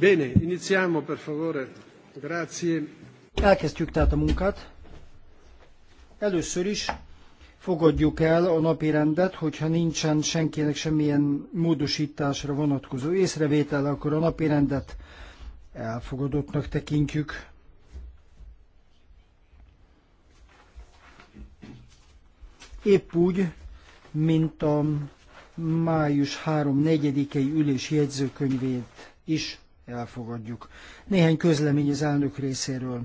Bene, iniziamo per favore. Grazie. Elkezdjük tehát a munkát. Először is fogadjuk el a napi rendet, hogyha nincsen senkinek semmilyen módosításra vonatkozó észrevétele, akkor a napi rendet elfogadottnak tekintjük. Épp úgy, mint a május 3-4-i ülés jegyzőkönyvét is elfogadjuk. Néhány közlemény az elnök részéről.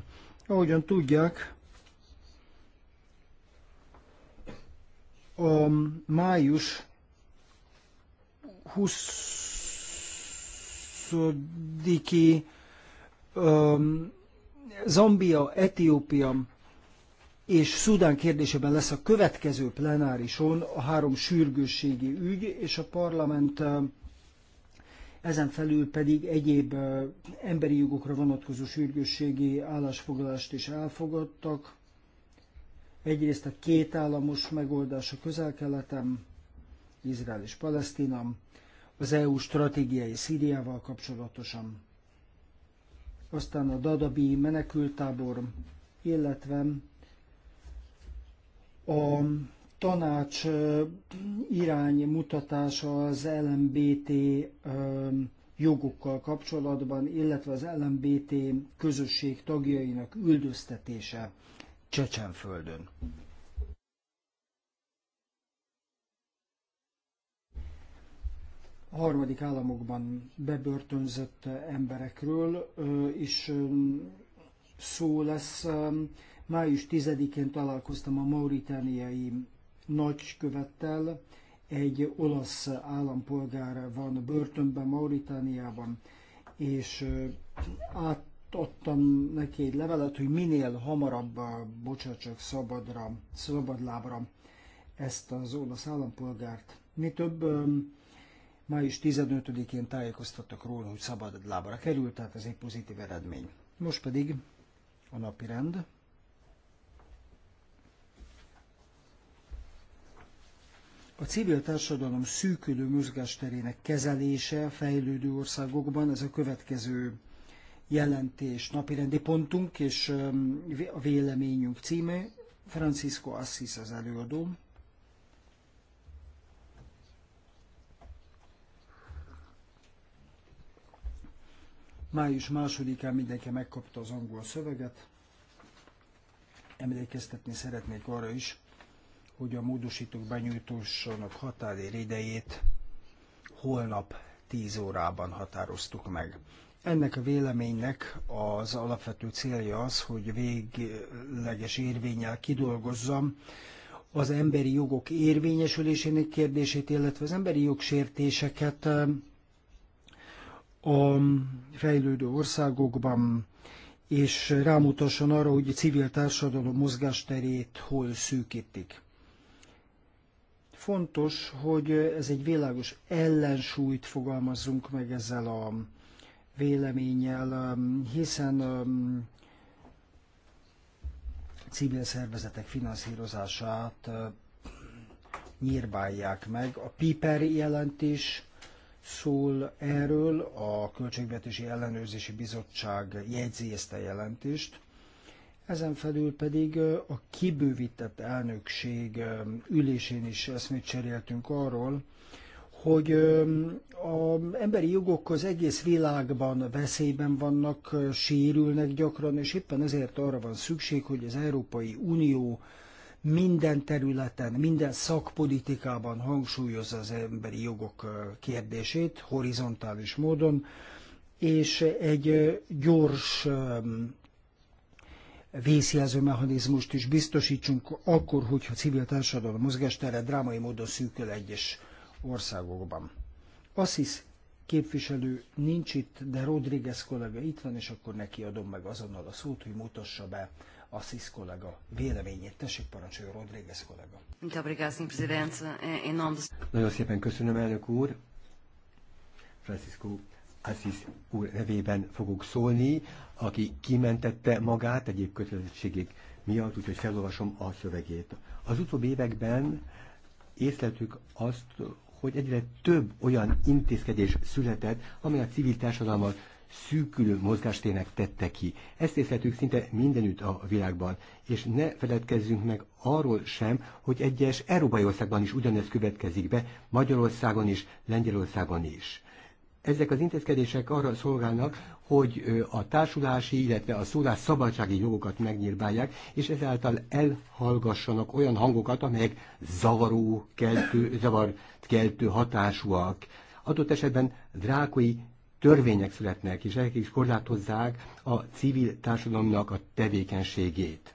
Ahogyan tudják, a május 20 um, Zambia, Etiópia és Szudán kérdésében lesz a következő plenárison a három sürgősségi ügy, és a parlament ezen felül pedig egyéb emberi jogokra vonatkozó sürgősségi állásfoglalást is elfogadtak. Egyrészt a két államos megoldás a közel-keleten, Izrael és Palesztina, az EU stratégiai Szíriával kapcsolatosan, aztán a Dadabi menekültábor, illetve a tanács mutatása az LMBT jogokkal kapcsolatban, illetve az LMBT közösség tagjainak üldöztetése Csecsenföldön. A harmadik államokban bebörtönzött emberekről is szó lesz. Május 10-én találkoztam a mauritániai nagykövettel, egy olasz állampolgár van börtönben, Mauritániában, és átadtam neki egy levelet, hogy minél hamarabb bocsátsak szabadra, szabadlábra ezt az olasz állampolgárt. Mi több, május 15-én tájékoztattak róla, hogy szabadlábra került, tehát ez egy pozitív eredmény. Most pedig a napi rend. A civil társadalom szűkülő mozgásterének kezelése fejlődő országokban, ez a következő jelentés napirendi pontunk, és um, a véleményünk címe, Francisco Assis az előadó. Május másodikán mindenki megkapta az angol szöveget. Emlékeztetni szeretnék arra is, hogy a módosítók benyújtósának határidejét holnap 10 órában határoztuk meg. Ennek a véleménynek az alapvető célja az, hogy végleges érvényel kidolgozzam az emberi jogok érvényesülésének kérdését, illetve az emberi jogsértéseket a fejlődő országokban, és rámutasson arra, hogy a civil társadalom mozgásterét hol szűkítik. Fontos, hogy ez egy világos ellensúlyt fogalmazzunk meg ezzel a véleménnyel, um, hiszen um, civil szervezetek finanszírozását uh, nyírbálják meg. A PIPER jelentés szól erről, a Költségvetési Ellenőrzési Bizottság jegyzi ezt a jelentést. Ezen felül pedig a kibővített elnökség ülésén is eszmét cseréltünk arról, hogy az emberi jogok az egész világban veszélyben vannak, sérülnek gyakran, és éppen ezért arra van szükség, hogy az Európai Unió minden területen, minden szakpolitikában hangsúlyozza az emberi jogok kérdését horizontális módon, és egy gyors vészjelző mechanizmust is biztosítsunk akkor, hogyha civil társadalom mozgástere drámai módon szűkül egyes országokban. Assis képviselő nincs itt, de Rodriguez kollega itt van, és akkor neki adom meg azonnal a szót, hogy mutassa be Assis kollega véleményét. Tessék, parancsoljon Rodriguez kollega. Nagyon szépen köszönöm, elnök úr. Francisco Aziz úr nevében fogok szólni, aki kimentette magát egyéb kötelezettségek miatt, úgyhogy felolvasom a szövegét. Az utóbbi években észletük azt, hogy egyre több olyan intézkedés született, amely a civil társadalmat szűkülő mozgástének tette ki. Ezt észletük szinte mindenütt a világban, és ne feledkezzünk meg arról sem, hogy egyes európai országban is ugyanez következik be, Magyarországon is, Lengyelországon is ezek az intézkedések arra szolgálnak, hogy a társulási, illetve a szólás szabadsági jogokat megnyírbálják, és ezáltal elhallgassanak olyan hangokat, amelyek zavaró, keltő, zavart keltő hatásúak. Adott esetben drákoi törvények születnek, és ezek is korlátozzák a civil társadalomnak a tevékenységét.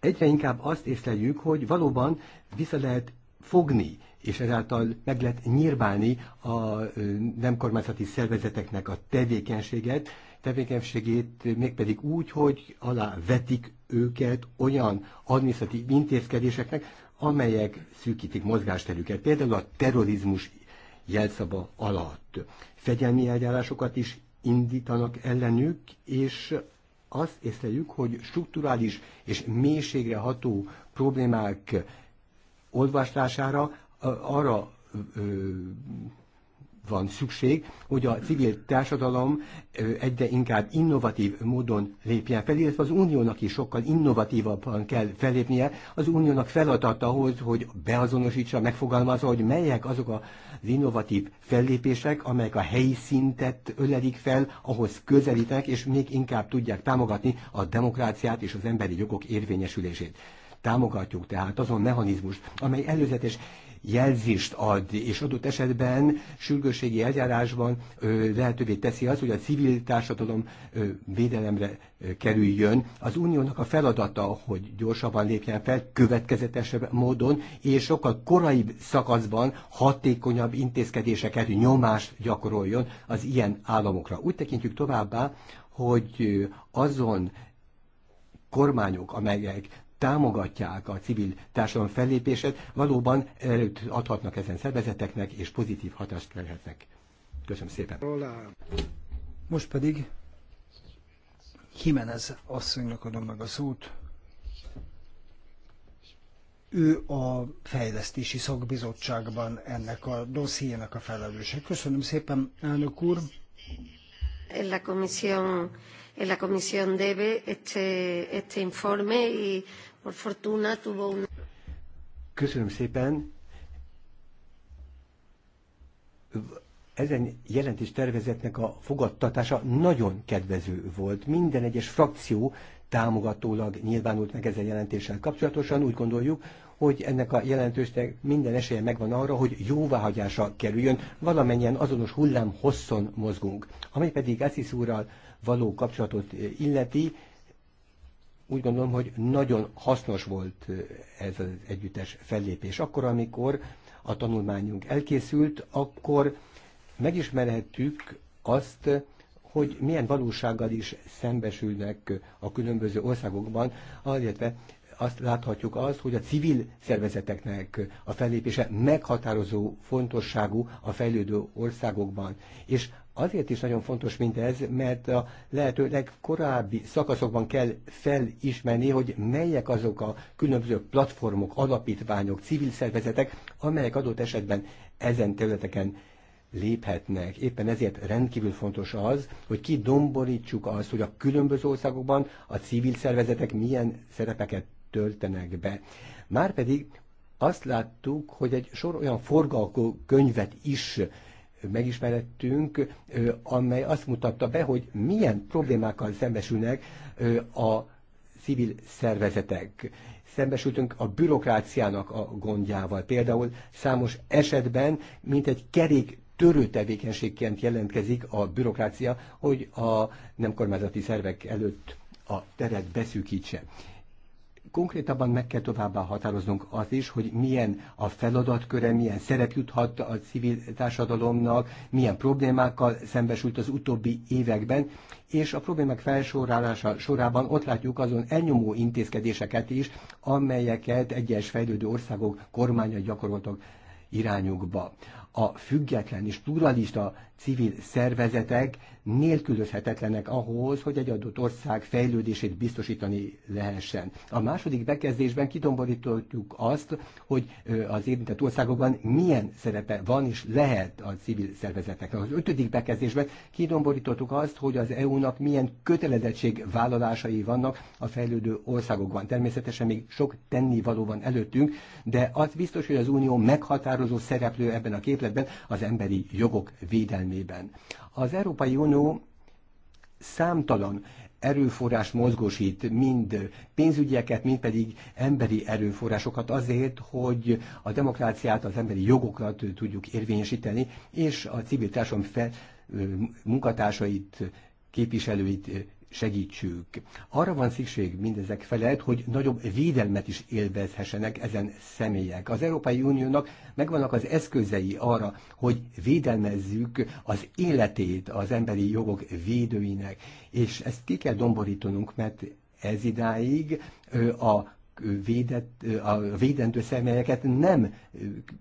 Egyre inkább azt észleljük, hogy valóban vissza lehet fogni és ezáltal meg lehet nyírbálni a nem kormányzati szervezeteknek a tevékenységet, tevékenységét mégpedig úgy, hogy alá vetik őket olyan adminisztratív intézkedéseknek, amelyek szűkítik mozgásterüket, például a terrorizmus jelszava alatt. Fegyelmi eljárásokat is indítanak ellenük, és azt észleljük, hogy strukturális és mélységre ható problémák olvaslására arra van szükség, hogy a civil társadalom egyre inkább innovatív módon lépjen fel, illetve az uniónak is sokkal innovatívabban kell felépnie. Az uniónak feladata ahhoz, hogy beazonosítsa, megfogalmazza, hogy melyek azok az innovatív fellépések, amelyek a helyi szintet ölelik fel, ahhoz közelítenek, és még inkább tudják támogatni a demokráciát és az emberi jogok érvényesülését támogatjuk tehát azon mechanizmust, amely előzetes jelzést ad, és adott esetben sürgősségi eljárásban lehetővé teszi az, hogy a civil társadalom védelemre kerüljön. Az uniónak a feladata, hogy gyorsabban lépjen fel, következetesebb módon, és sokkal korai szakaszban hatékonyabb intézkedéseket, nyomást gyakoroljon az ilyen államokra. Úgy tekintjük továbbá, hogy azon kormányok, amelyek támogatják a civil társadalom fellépését, valóban előtt adhatnak ezen szervezeteknek, és pozitív hatást kerhetnek. Köszönöm szépen. Most pedig Jimenez asszonynak adom meg a szót. Ő a fejlesztési szakbizottságban ennek a dossziének a felelőse. Köszönöm szépen, elnök úr. En la comisión, en la comisión debe este, este informe y Por fortuna tuvo un... Köszönöm szépen. Ezen jelentés tervezetnek a fogadtatása nagyon kedvező volt. Minden egyes frakció támogatólag nyilvánult meg ezen jelentéssel kapcsolatosan. Úgy gondoljuk, hogy ennek a jelentősnek minden esélye megvan arra, hogy jóváhagyásra kerüljön, valamennyien azonos hullám hosszon mozgunk. Ami pedig Eszisz úrral való kapcsolatot illeti, úgy gondolom, hogy nagyon hasznos volt ez az együttes fellépés. Akkor, amikor a tanulmányunk elkészült, akkor megismerhettük azt, hogy milyen valósággal is szembesülnek a különböző országokban, illetve azt láthatjuk azt, hogy a civil szervezeteknek a fellépése meghatározó fontosságú a fejlődő országokban. És Azért is nagyon fontos mindez, mert a lehető legkorábbi szakaszokban kell felismerni, hogy melyek azok a különböző platformok, alapítványok, civil szervezetek, amelyek adott esetben ezen területeken léphetnek. Éppen ezért rendkívül fontos az, hogy kidomborítsuk azt, hogy a különböző országokban a civil szervezetek milyen szerepeket töltenek be. Márpedig azt láttuk, hogy egy sor olyan forgalkó könyvet is megismerettünk, amely azt mutatta be, hogy milyen problémákkal szembesülnek a civil szervezetek. Szembesültünk a bürokráciának a gondjával. Például számos esetben, mint egy kerék törő tevékenységként jelentkezik a bürokrácia, hogy a nem kormányzati szervek előtt a teret beszűkítse. Konkrétabban meg kell továbbá határoznunk az is, hogy milyen a feladatköre, milyen szerep juthat a civil társadalomnak, milyen problémákkal szembesült az utóbbi években, és a problémák felsorálása sorában ott látjuk azon elnyomó intézkedéseket is, amelyeket egyes fejlődő országok kormányai gyakoroltak irányukba. A független és pluralista civil szervezetek nélkülözhetetlenek ahhoz, hogy egy adott ország fejlődését biztosítani lehessen. A második bekezdésben kidomborítottuk azt, hogy az érintett országokban milyen szerepe van és lehet a civil szervezeteknek. Az ötödik bekezdésben kidomborítottuk azt, hogy az EU-nak milyen kötelezettség vállalásai vannak a fejlődő országokban. Természetesen még sok tennivaló van előttünk, de az biztos, hogy az Unió meghatározó szereplő ebben a képletben az emberi jogok védelmében védelmében. Az Európai Unió számtalan erőforrás mozgósít, mind pénzügyeket, mind pedig emberi erőforrásokat azért, hogy a demokráciát, az emberi jogokat tudjuk érvényesíteni, és a civil társadalom fel, munkatársait, képviselőit segítsük. Arra van szükség mindezek felett, hogy nagyobb védelmet is élvezhessenek ezen személyek. Az Európai Uniónak megvannak az eszközei arra, hogy védelmezzük az életét az emberi jogok védőinek, és ezt ki kell domborítanunk, mert ez idáig a védett, a védendő személyeket nem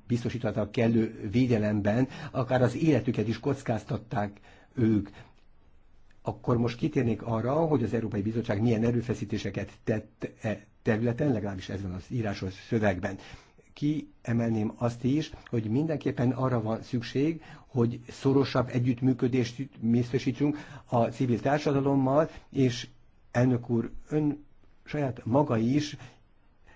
biztosítottak kellő védelemben, akár az életüket is kockáztatták ők. Akkor most kitérnék arra, hogy az Európai Bizottság milyen erőfeszítéseket tett e területen, legalábbis ez van az írásos szövegben. Kiemelném azt is, hogy mindenképpen arra van szükség, hogy szorosabb együttműködést biztosítsunk a civil társadalommal, és elnök úr, ön saját maga is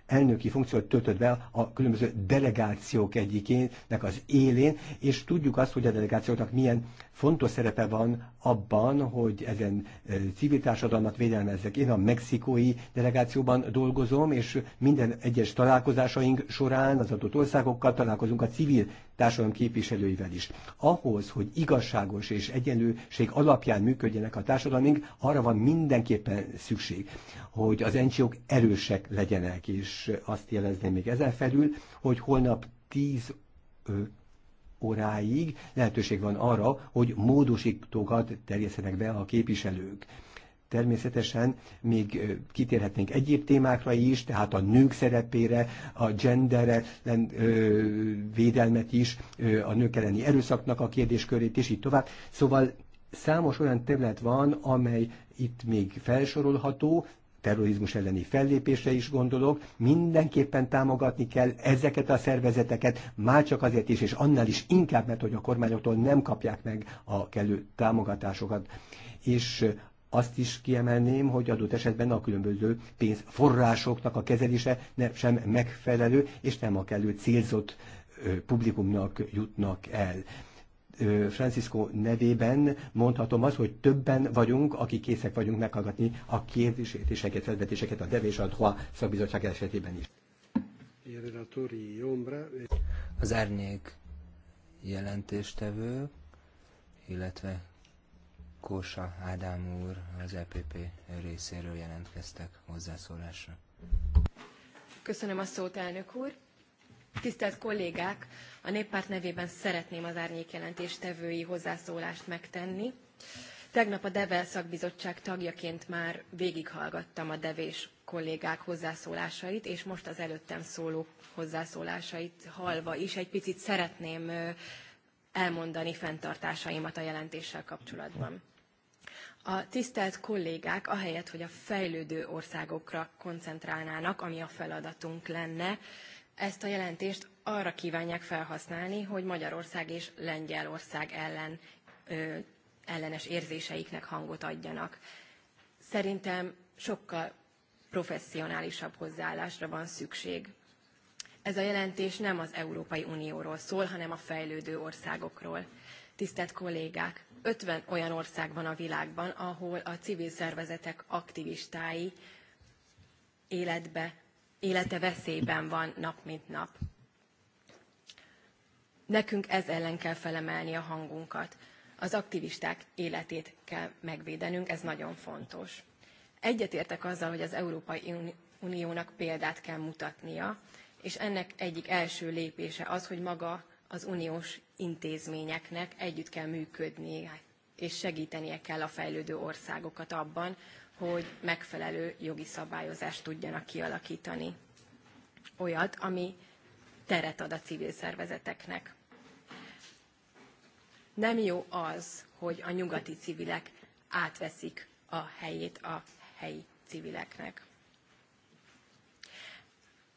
elnöki funkciót töltött be a különböző delegációk egyikének az élén, és tudjuk azt, hogy a delegációknak milyen fontos szerepe van abban, hogy ezen e, civil társadalmat védelmezzek. Én a mexikói delegációban dolgozom, és minden egyes találkozásaink során az adott országokkal találkozunk a civil társadalom képviselőivel is. Ahhoz, hogy igazságos és egyenlőség alapján működjenek a társadalmink, arra van mindenképpen szükség, hogy az ngo erősek legyenek, és azt jelezném még ezen felül, hogy holnap 10 óráig lehetőség van arra, hogy módosítókat terjesztenek be a képviselők Természetesen még kitérhetnénk egyéb témákra is, tehát a nők szerepére, a genderre védelmet is, a nők elleni erőszaknak a kérdéskörét és így tovább. Szóval számos olyan terület van, amely itt még felsorolható, terrorizmus elleni fellépésre is gondolok, mindenképpen támogatni kell ezeket a szervezeteket, már csak azért is, és annál is inkább, mert hogy a kormányoktól nem kapják meg a kellő támogatásokat. És azt is kiemelném, hogy adott esetben a különböző pénzforrásoknak a kezelése ne, sem megfelelő, és nem a kellő célzott publikumnak jutnak el. Francisco nevében mondhatom azt, hogy többen vagyunk, akik készek vagyunk meghallgatni a kérdéseket, felvetéseket a Devés a DROA szakbizottság esetében is. Az árnyék jelentéstevő, illetve Kósa Ádám úr az EPP részéről jelentkeztek hozzászólásra. Köszönöm a szót, elnök úr. Tisztelt kollégák, a néppárt nevében szeretném az árnyék tevői hozzászólást megtenni. Tegnap a Devel szakbizottság tagjaként már végighallgattam a devés kollégák hozzászólásait, és most az előttem szóló hozzászólásait hallva is egy picit szeretném elmondani fenntartásaimat a jelentéssel kapcsolatban. A tisztelt kollégák ahelyett, hogy a fejlődő országokra koncentrálnának, ami a feladatunk lenne, ezt a jelentést arra kívánják felhasználni, hogy Magyarország és Lengyelország ellen ö, ellenes érzéseiknek hangot adjanak. Szerintem sokkal professzionálisabb hozzáállásra van szükség ez a jelentés nem az Európai Unióról szól, hanem a fejlődő országokról. Tisztelt kollégák, 50 olyan ország van a világban, ahol a civil szervezetek aktivistái életbe, élete veszélyben van nap mint nap. Nekünk ez ellen kell felemelni a hangunkat. Az aktivisták életét kell megvédenünk, ez nagyon fontos. Egyetértek azzal, hogy az Európai Uniónak példát kell mutatnia, és ennek egyik első lépése az, hogy maga az uniós intézményeknek együtt kell működnie, és segítenie kell a fejlődő országokat abban, hogy megfelelő jogi szabályozást tudjanak kialakítani. Olyat, ami teret ad a civil szervezeteknek. Nem jó az, hogy a nyugati civilek átveszik a helyét a helyi civileknek.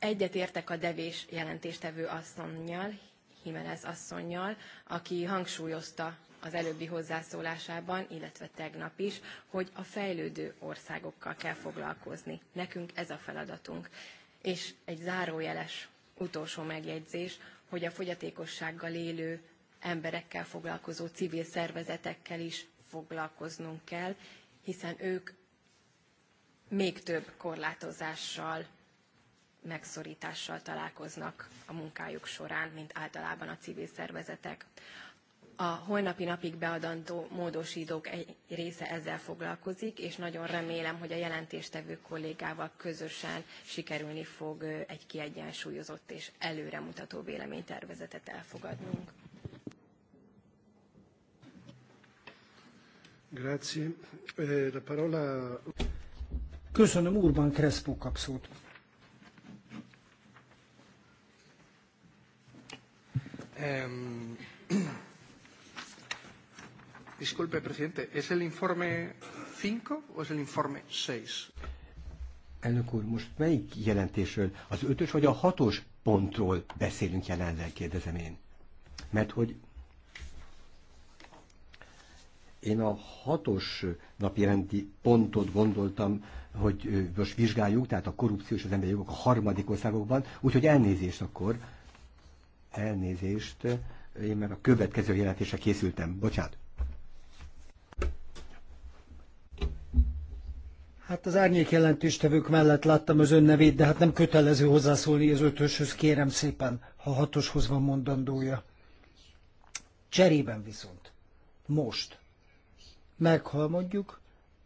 Egyetértek a devés jelentéstevő asszonynal, Jimenez asszonynal, aki hangsúlyozta az előbbi hozzászólásában, illetve tegnap is, hogy a fejlődő országokkal kell foglalkozni. Nekünk ez a feladatunk. És egy zárójeles utolsó megjegyzés, hogy a fogyatékossággal élő emberekkel foglalkozó civil szervezetekkel is foglalkoznunk kell, hiszen ők még több korlátozással megszorítással találkoznak a munkájuk során, mint általában a civil szervezetek. A holnapi napig beadandó módosítók egy része ezzel foglalkozik, és nagyon remélem, hogy a jelentéstevő kollégával közösen sikerülni fog egy kiegyensúlyozott és előremutató véleménytervezetet elfogadnunk. Grazie. Eh, la parola... Köszönöm, Urban Crespo kapszót. Disculpe, presidente, ¿es el informe 5 o es el informe 6? Elnök úr, most melyik jelentésről, az ötös vagy a hatos pontról beszélünk jelenleg, kérdezem én? Mert hogy én a hatos napjelenti pontot gondoltam, hogy most vizsgáljuk, tehát a korrupció és az emberi jogok a harmadik országokban, úgyhogy elnézést akkor, elnézést, én már a következő jelentésre készültem. Bocsát. Hát az árnyék jelentéstevők mellett láttam az ön nevét, de hát nem kötelező hozzászólni az ötöshöz, kérem szépen, ha hatoshoz van mondandója. Cserében viszont, most meghalmodjuk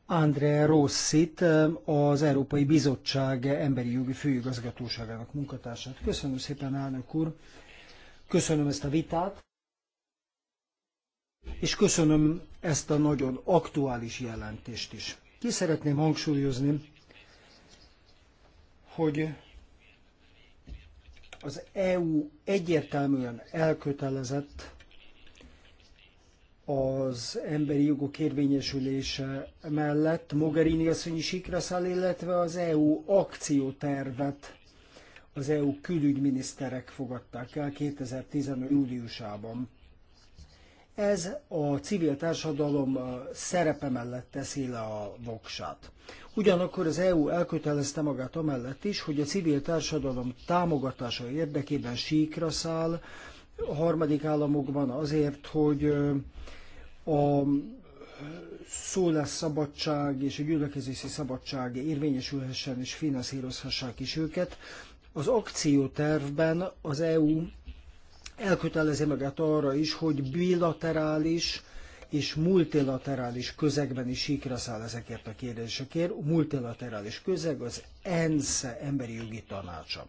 André Rossit, az Európai Bizottság Emberi Jogi Főigazgatóságának munkatársát. Köszönöm szépen, elnök úr! Köszönöm ezt a vitát, és köszönöm ezt a nagyon aktuális jelentést is. Ki szeretném hangsúlyozni, hogy az EU egyértelműen elkötelezett az emberi jogok érvényesülése mellett Mogherini asszonyi sikraszál, illetve az EU akciótervet az EU külügyminiszterek fogadták el 2015. júliusában. Ez a civil társadalom szerepe mellett teszi le a voksát. Ugyanakkor az EU elkötelezte magát amellett is, hogy a civil társadalom támogatása érdekében síkra száll a harmadik államokban azért, hogy a szólásszabadság és a gyülekezési szabadság érvényesülhessen és finanszírozhassák is őket. Az akciótervben az EU elkötelezi magát arra is, hogy bilaterális és multilaterális közegben is sikra száll ezekért a kérdésekért. A multilaterális közeg az ENSZ emberi jogi tanácsa.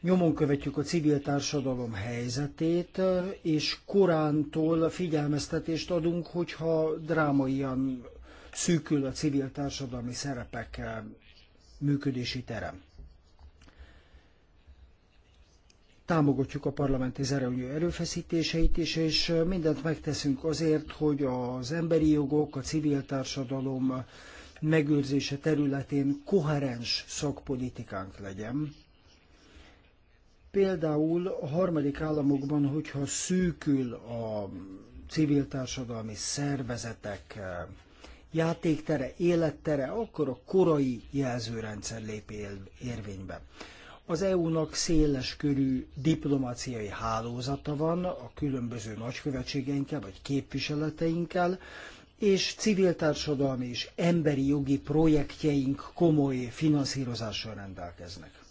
Nyomon követjük a civil társadalom helyzetét, és korántól figyelmeztetést adunk, hogyha drámaian szűkül a civil társadalmi szerepek működési terem. Támogatjuk a parlamenti zerelő erőfeszítéseit is, és mindent megteszünk azért, hogy az emberi jogok, a civil társadalom megőrzése területén koherens szakpolitikánk legyen, például a harmadik államokban, hogyha szűkül a civil társadalmi szervezetek játéktere, élettere, akkor a korai jelzőrendszer lép érvénybe. Az EU-nak széles körű diplomáciai hálózata van a különböző nagykövetségeinkkel vagy képviseleteinkkel, és civil társadalmi és emberi jogi projektjeink komoly finanszírozással rendelkeznek.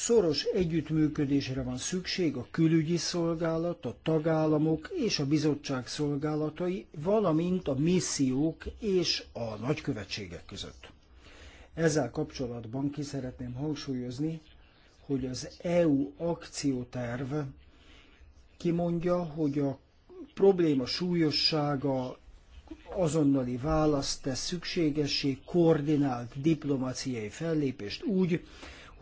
Szoros együttműködésre van szükség a külügyi szolgálat, a tagállamok és a bizottság szolgálatai, valamint a missziók és a nagykövetségek között. Ezzel kapcsolatban ki szeretném hangsúlyozni, hogy az EU akcióterv kimondja, hogy a probléma súlyossága azonnali választ tesz szükségessé koordinált diplomáciai fellépést úgy,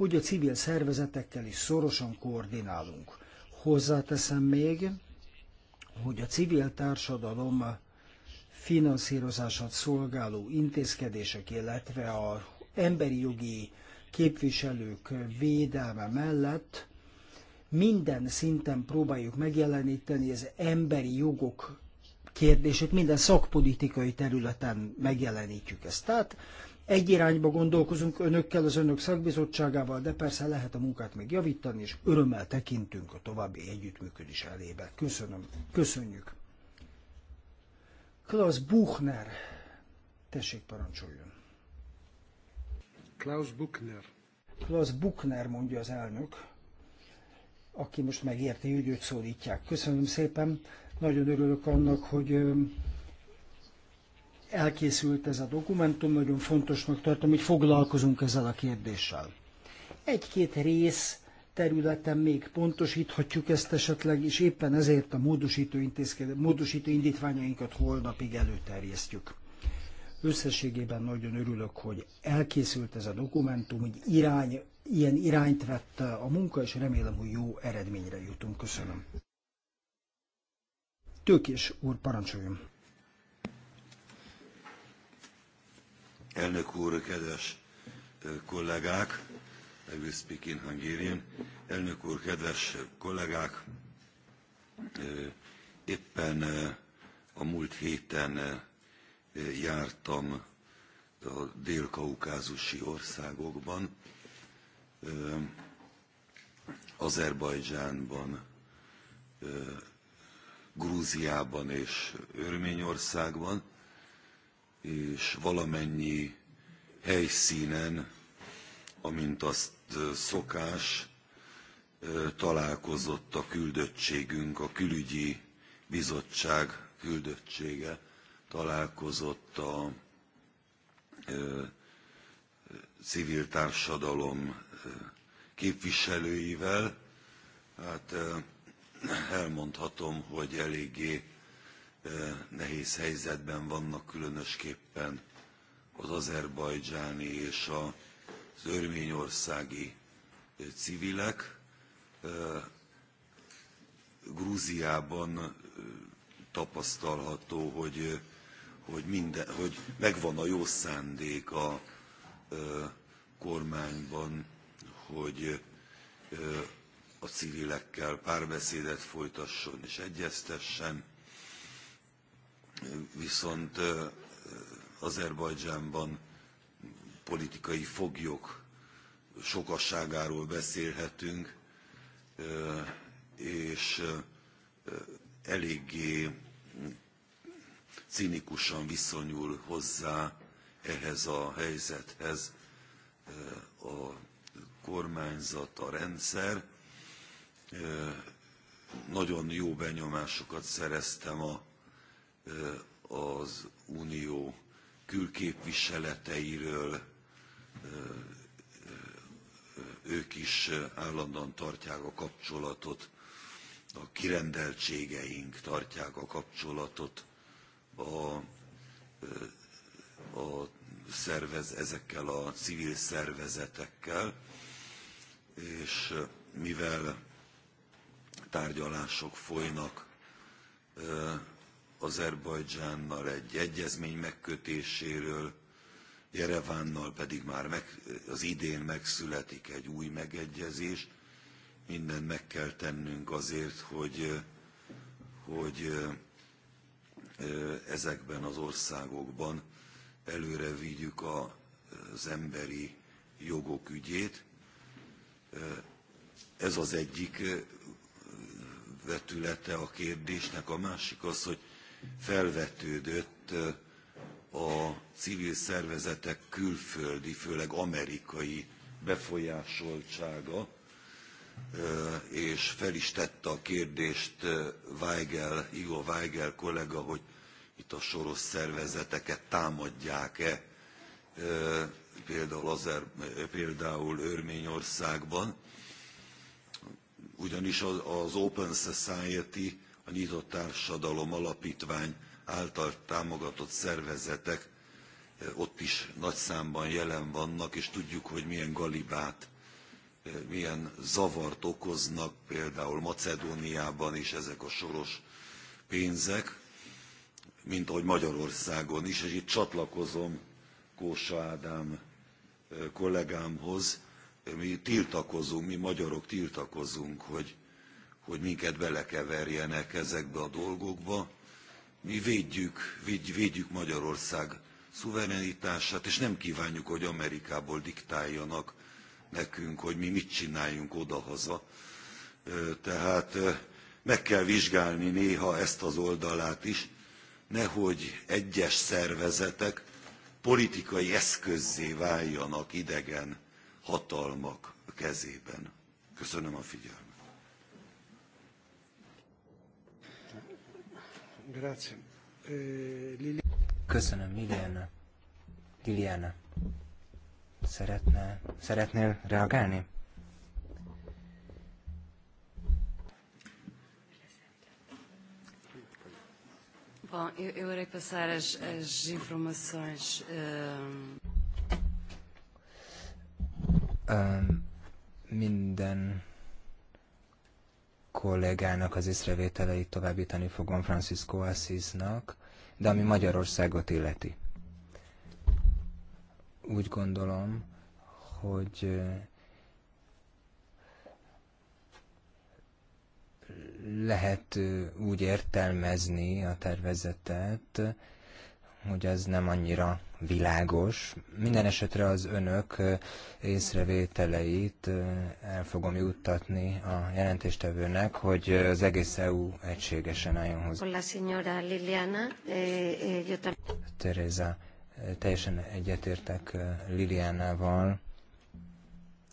hogy a civil szervezetekkel is szorosan koordinálunk. Hozzáteszem még, hogy a civil társadalom finanszírozását szolgáló intézkedések, illetve az emberi jogi képviselők védelme mellett minden szinten próbáljuk megjeleníteni az emberi jogok kérdését, minden szakpolitikai területen megjelenítjük ezt. Tehát egy irányba gondolkozunk önökkel, az önök szakbizottságával, de persze lehet a munkát még javítani, és örömmel tekintünk a további együttműködés elébe. Köszönöm. Köszönjük. Klaus Buchner. Tessék, parancsoljon. Klaus Buchner. Klaus Buchner, mondja az elnök, aki most megérti, hogy őt szólítják. Köszönöm szépen. Nagyon örülök annak, hogy elkészült ez a dokumentum, nagyon fontosnak tartom, hogy foglalkozunk ezzel a kérdéssel. Egy-két rész területen még pontosíthatjuk ezt esetleg, és éppen ezért a módosító, módosító indítványainkat holnapig előterjesztjük. Összességében nagyon örülök, hogy elkészült ez a dokumentum, hogy irány, ilyen irányt vett a munka, és remélem, hogy jó eredményre jutunk. Köszönöm. Tőkés úr, parancsoljon! Elnök úr, kedves kollégák! I will speak in Hungarian. Elnök úr, kedves kollégák! Éppen a múlt héten jártam a dél-kaukázusi országokban, Azerbajdzsánban, Grúziában és Örményországban, és valamennyi helyszínen, amint azt szokás, találkozott a küldöttségünk, a külügyi bizottság küldöttsége találkozott a civil társadalom képviselőivel. Hát elmondhatom, hogy eléggé nehéz helyzetben vannak, különösképpen az azerbajdzsáni és az örményországi civilek. Grúziában tapasztalható, hogy, hogy, minden, hogy megvan a jó szándék a kormányban, hogy a civilekkel párbeszédet folytasson és egyeztessen viszont Azerbajdzsánban politikai foglyok sokasságáról beszélhetünk, és eléggé cinikusan viszonyul hozzá ehhez a helyzethez a kormányzat, a rendszer. Nagyon jó benyomásokat szereztem a az unió külképviseleteiről ők is állandóan tartják a kapcsolatot, a kirendeltségeink tartják a kapcsolatot a, a szervez, ezekkel a civil szervezetekkel, és mivel tárgyalások folynak Azerbajdzsánnal egy egyezmény megkötéséről, Jerevánnal pedig már meg, az idén megszületik egy új megegyezés. Mindent meg kell tennünk azért, hogy, hogy ezekben az országokban előre vigyük az emberi jogok ügyét. Ez az egyik vetülete a kérdésnek, a másik az, hogy felvetődött a civil szervezetek külföldi, főleg amerikai befolyásoltsága, és fel is tette a kérdést Weigel, Ivo Weigel kollega, hogy itt a soros szervezeteket támadják-e például, Azer, például Örményországban. Ugyanis az Open Society a Nyitott Társadalom Alapítvány által támogatott szervezetek eh, ott is nagy számban jelen vannak, és tudjuk, hogy milyen galibát, eh, milyen zavart okoznak például Macedóniában is ezek a soros pénzek, mint ahogy Magyarországon is, és itt csatlakozom Kósa Ádám eh, kollégámhoz, mi tiltakozunk, mi magyarok tiltakozunk, hogy hogy minket belekeverjenek ezekbe a dolgokba. Mi védjük, véd, védjük Magyarország szuverenitását, és nem kívánjuk, hogy Amerikából diktáljanak nekünk, hogy mi mit csináljunk odahaza. Tehát meg kell vizsgálni néha ezt az oldalát is, nehogy egyes szervezetek politikai eszközzé váljanak idegen hatalmak kezében. Köszönöm a figyelmet. Eh, Köszönöm, Liliana. Liliana, szeretne, szeretnél reagálni? Bom, eu, eu irei passar as, as informações. Um... Um, minden kollégának az észrevételeit továbbítani fogom Francisco Assisnak, de ami Magyarországot illeti. Úgy gondolom, hogy eh, lehet eh, úgy értelmezni a tervezetet, hogy ez nem annyira világos. Minden esetre az önök észrevételeit el fogom juttatni a jelentéstevőnek, hogy az egész EU egységesen álljon hozzá. Hola, señora Liliana. Eh, eh, Teresa, eh, teljesen egyetértek Lilianával.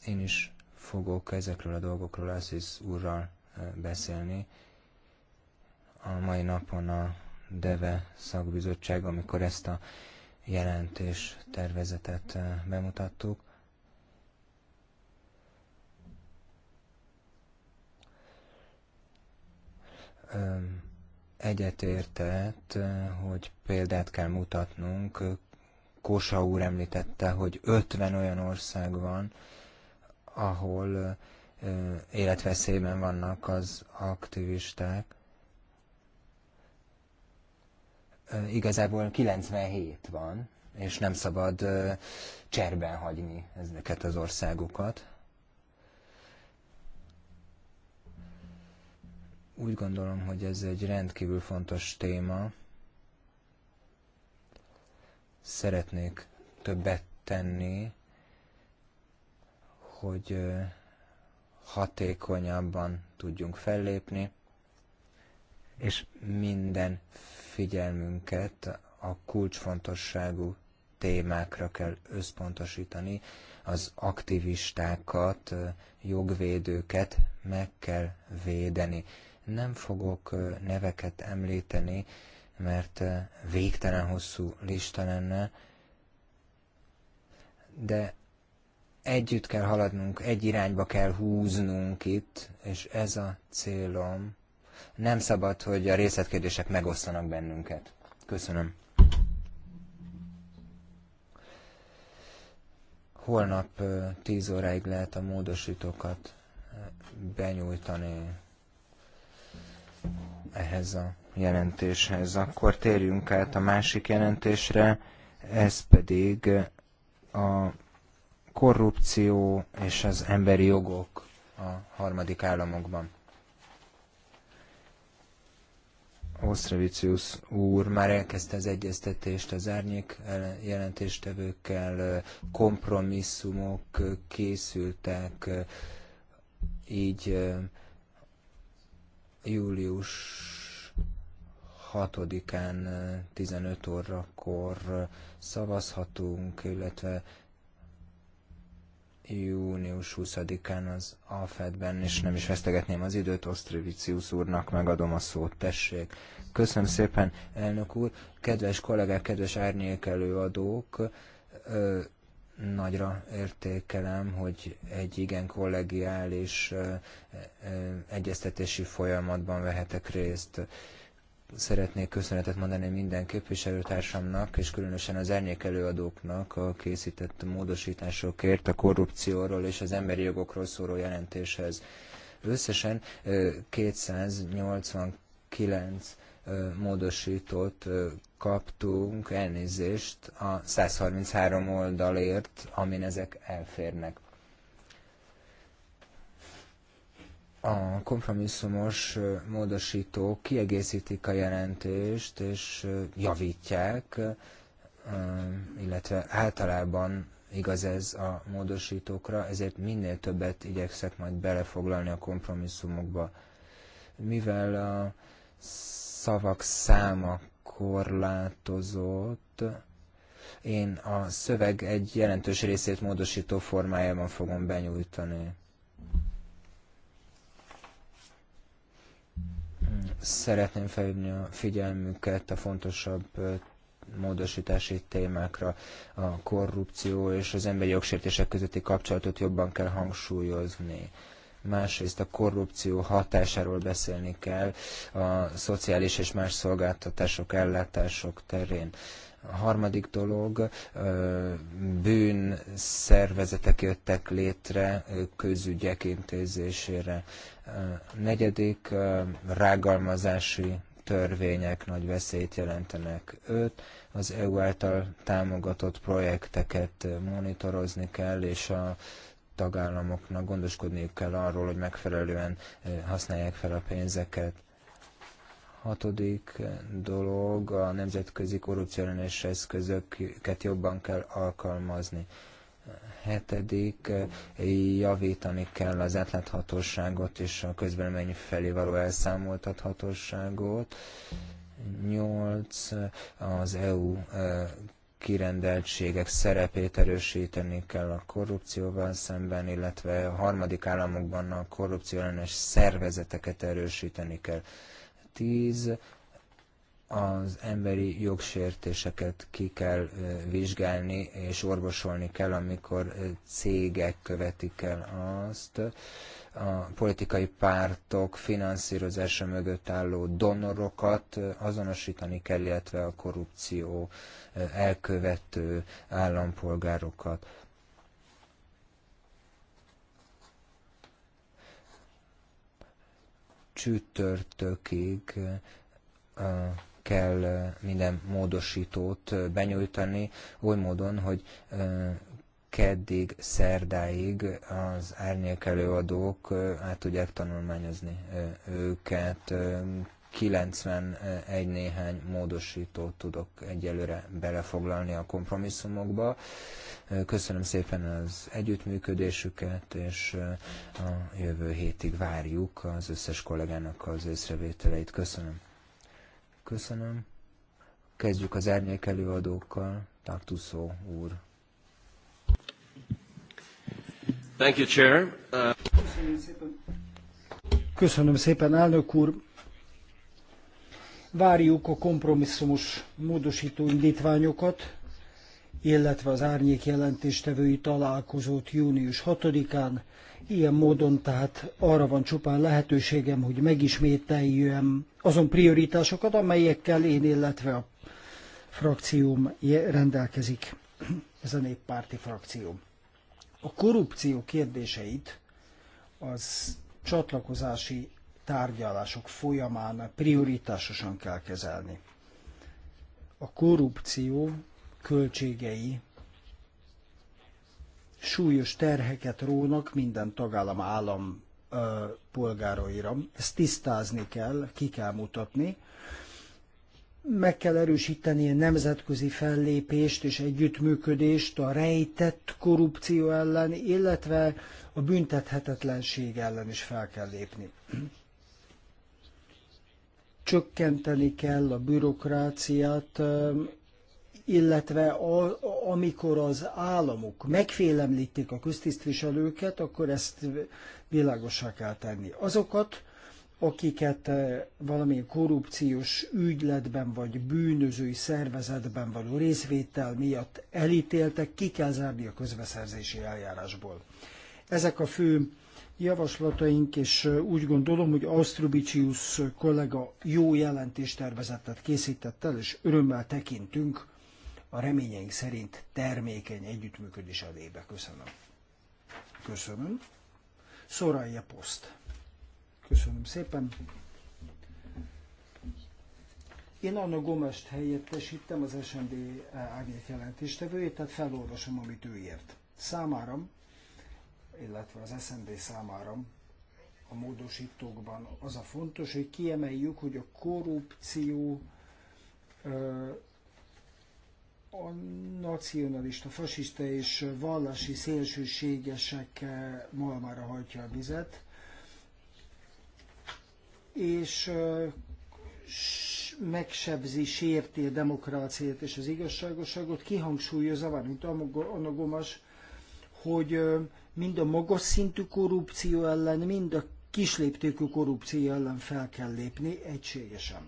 Én is fogok ezekről a dolgokról az úrral beszélni. A mai napon a DEVE szakbizottság, amikor ezt a jelentés tervezetet eh, bemutattuk. Egyetértett, eh, hogy példát kell mutatnunk. Kosa úr említette, hogy 50 olyan ország van, ahol eh, életveszélyben vannak az aktivisták, igazából 97 van, és nem szabad cserben hagyni ezeket az országokat. Úgy gondolom, hogy ez egy rendkívül fontos téma. Szeretnék többet tenni, hogy hatékonyabban tudjunk fellépni, és minden figyelmünket a kulcsfontosságú témákra kell összpontosítani, az aktivistákat, jogvédőket meg kell védeni. Nem fogok neveket említeni, mert végtelen hosszú lista lenne, de együtt kell haladnunk, egy irányba kell húznunk itt, és ez a célom, nem szabad, hogy a részletkérdések megosztanak bennünket. Köszönöm. Holnap 10 óráig lehet a módosítókat benyújtani ehhez a jelentéshez. Akkor térjünk át a másik jelentésre, ez pedig a korrupció és az emberi jogok a harmadik államokban. Osztravicius úr már elkezdte az egyeztetést az árnyék jelentéstevőkkel, kompromisszumok készültek, így július 6-án 15 órakor szavazhatunk, illetve június 20-án az Alfedben, és nem is vesztegetném az időt, Osztrivicius úrnak megadom a szót, tessék. Köszönöm szépen, elnök úr, kedves kollégák, kedves árnyékelőadók, ö, nagyra értékelem, hogy egy igen kollegiális ö, ö, egyeztetési folyamatban vehetek részt. Ö, szeretnék köszönetet mondani minden képviselőtársamnak, és különösen az előadóknak, a készített módosításokért a korrupcióról és az emberi jogokról szóló jelentéshez. Összesen 289 módosítót kaptunk elnézést a 133 oldalért, amin ezek elférnek. a kompromisszumos módosítók kiegészítik a jelentést, és javítják, illetve általában igaz ez a módosítókra, ezért minél többet igyekszek majd belefoglalni a kompromisszumokba. Mivel a szavak száma korlátozott, én a szöveg egy jelentős részét módosító formájában fogom benyújtani. Szeretném felhívni a figyelmüket a fontosabb módosítási témákra, a korrupció és az emberi jogsértések közötti kapcsolatot jobban kell hangsúlyozni másrészt a korrupció hatásáról beszélni kell a szociális és más szolgáltatások, ellátások terén. A harmadik dolog, bűn szervezetek jöttek létre közügyek intézésére. A negyedik, rágalmazási törvények nagy veszélyt jelentenek. Öt, az EU által támogatott projekteket monitorozni kell, és a tagállamoknak gondoskodniuk kell arról, hogy megfelelően eh, használják fel a pénzeket. Hatodik eh, dolog, a nemzetközi korrupciós eszközöket jobban kell alkalmazni. Hetedik, eh, javítani kell az átláthatóságot és a közbelemény felé való elszámoltathatóságot. Nyolc Az EU kirendeltségek szerepét erősíteni kell a korrupcióval szemben, illetve a harmadik államokban a korrupció ellenes szervezeteket erősíteni kell. Tíz, az emberi jogsértéseket ki kell vizsgálni és orvosolni kell, amikor cégek követik el azt. A politikai pártok finanszírozása mögött álló donorokat azonosítani kell, illetve a korrupció elkövető állampolgárokat. Csütörtökig kell minden módosítót benyújtani, oly módon, hogy keddig, szerdáig az árnyékelőadók át tudják tanulmányozni őket. 91 néhány módosítót tudok egyelőre belefoglalni a kompromisszumokba. Köszönöm szépen az együttműködésüket, és a jövő hétig várjuk az összes kollégának az észrevételeit. Köszönöm. Köszönöm. Kezdjük az árnyék előadókkal. Tartuszó úr. Thank you, Chair. Uh... Köszönöm szépen. Köszönöm szépen, elnök úr. Várjuk a kompromisszumos módosító indítványokat, illetve az árnyék jelentéstevői találkozót június 6-án. Ilyen módon tehát arra van csupán lehetőségem, hogy megismételjem azon prioritásokat, amelyekkel én, illetve a frakcióm rendelkezik, ez a néppárti frakcióm. A korrupció kérdéseit az csatlakozási tárgyalások folyamán prioritásosan kell kezelni. A korrupció költségei súlyos terheket rónak minden tagállam állam ö, polgáraira. Ezt tisztázni kell, ki kell mutatni. Meg kell erősíteni a nemzetközi fellépést és együttműködést a rejtett korrupció ellen, illetve a büntethetetlenség ellen is fel kell lépni csökkenteni kell a bürokráciát, illetve a, amikor az államok megfélemlítik a köztisztviselőket, akkor ezt világosá kell tenni. Azokat, akiket valamilyen korrupciós ügyletben vagy bűnözői szervezetben való részvétel miatt elítéltek, ki kell zárni a közbeszerzési eljárásból. Ezek a fő javaslataink, és úgy gondolom, hogy Austrubicius kollega jó jelentéstervezetet készített el, és örömmel tekintünk a reményeink szerint termékeny együttműködés elébe. Köszönöm. Köszönöm. Soraya Post. Köszönöm szépen. Én Anna Gomest helyettesítem az SND eh, árnyék jelentéstevőjét, tehát felolvasom, amit ő írt. Számára illetve az SMB számára a módosítókban az a fontos, hogy kiemeljük, hogy a korrupció a nacionalista, fasista és vallási szélsőségesek malmára hajtja a vizet, és megsebzi, sérti a demokráciát és az igazságosságot, kihangsúlyozza, mint a Gomas, hogy mind a magas szintű korrupció ellen, mind a kisléptékű korrupció ellen fel kell lépni egységesen.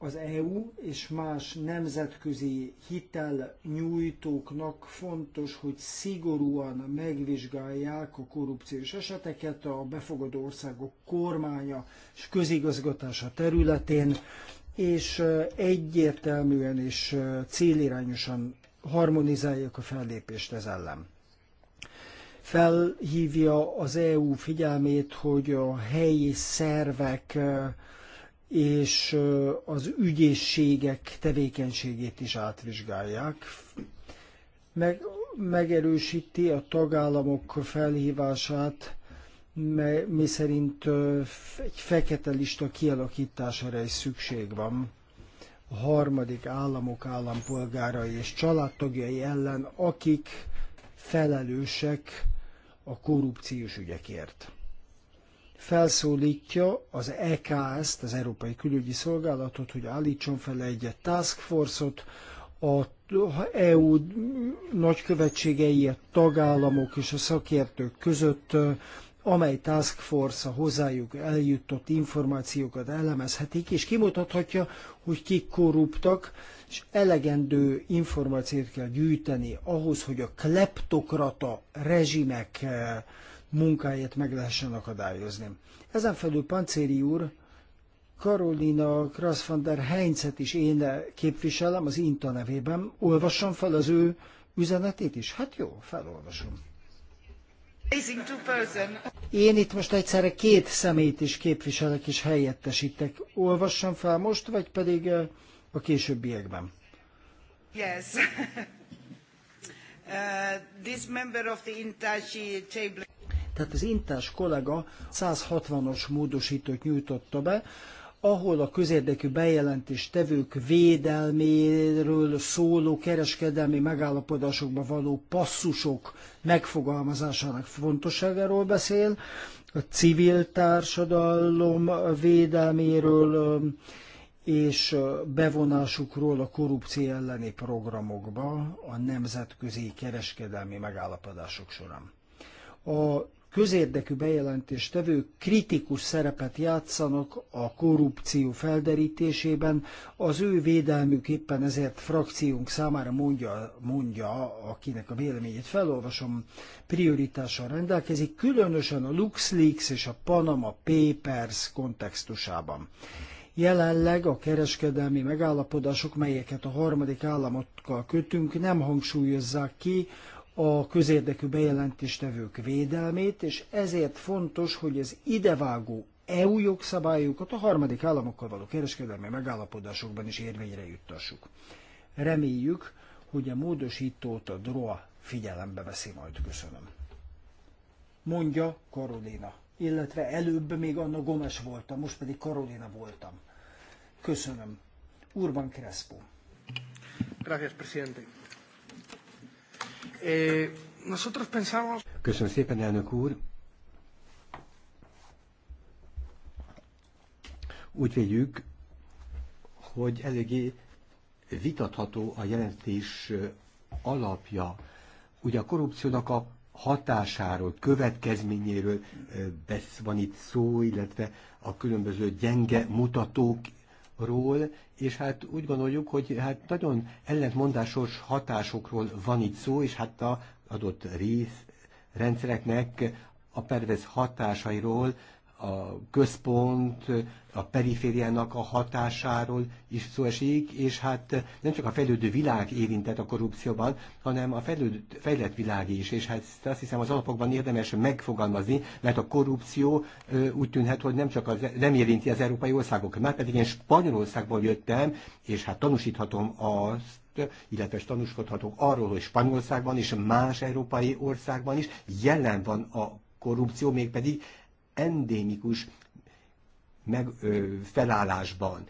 Az EU és más nemzetközi hitelnyújtóknak fontos, hogy szigorúan megvizsgálják a korrupciós eseteket a befogadó országok kormánya és közigazgatása területén, és egyértelműen és célirányosan harmonizálják a fellépést ez ellen. Felhívja az EU figyelmét, hogy a helyi szervek és az ügyészségek tevékenységét is átvizsgálják. Meg, megerősíti a tagállamok felhívását, mi szerint egy fekete lista kialakítására is szükség van a harmadik államok állampolgárai és családtagjai ellen, akik felelősek a korrupciós ügyekért. Felszólítja az EKS-t, az Európai Külügyi Szolgálatot, hogy állítson fel egy task force-ot, a EU nagykövetségei, a tagállamok és a szakértők között amely Task Force a hozzájuk eljuttott információkat elemezhetik, és kimutathatja, hogy kik korruptak, és elegendő információt kell gyűjteni ahhoz, hogy a kleptokrata rezsimek eh, munkáját meg lehessen akadályozni. Ezen felül Pancéri úr Karolina Krasz van der Heinzet is én képviselem az INTA nevében. Olvassam fel az ő üzenetét is? Hát jó, felolvasom. Én itt most egyszerre két szemét is képviselek és helyettesítek. Olvassam fel most, vagy pedig a későbbiekben? Yes. Uh, this member of the Intashi table. Tehát az intás kollega 160-os módosítót nyújtotta be, ahol a közérdekű bejelentés tevők védelméről szóló kereskedelmi megállapodásokba való passzusok megfogalmazásának fontosságáról beszél, a civil társadalom védelméről és bevonásukról a korrupció elleni programokba a nemzetközi kereskedelmi megállapodások során. A közérdekű bejelentéstevők kritikus szerepet játszanak a korrupció felderítésében, az ő védelmük éppen ezért frakciónk számára mondja, mondja akinek a véleményét felolvasom, prioritással rendelkezik, különösen a LuxLeaks és a Panama Papers kontextusában. Jelenleg a kereskedelmi megállapodások, melyeket a harmadik államokkal kötünk, nem hangsúlyozzák ki a közérdekű bejelentéstevők védelmét, és ezért fontos, hogy az idevágó EU jogszabályokat a harmadik államokkal való kereskedelmi megállapodásokban is érvényre juttassuk. Reméljük, hogy a módosítót a DROA figyelembe veszi majd. Köszönöm. Mondja Karolina. Illetve előbb még Anna Gomes voltam, most pedig Karolina voltam. Köszönöm. Urban Crespo. Gracias, presidente. Eh, Köszönöm szépen, elnök úr. Úgy véljük, hogy eléggé vitatható a jelentés eh, alapja. Ugye a korrupciónak a hatásáról, következményéről eh, van itt szó, illetve a különböző gyenge mutatók ról, és hát úgy gondoljuk, hogy hát nagyon ellentmondásos hatásokról van itt szó, és hát a adott rész rendszereknek a pervez hatásairól a központ, a perifériának a hatásáról is szó esik, és hát nem csak a fejlődő világ érintett a korrupcióban, hanem a fejlődő, fejlett világ is, és hát azt hiszem az alapokban érdemes megfogalmazni, mert a korrupció úgy tűnhet, hogy nem csak az, nem érinti az európai országokat. Már pedig én Spanyolországból jöttem, és hát tanúsíthatom azt, illetve tanúskodhatok arról, hogy Spanyolországban és más európai országban is jelen van a korrupció, mégpedig endémikus meg, ö, felállásban.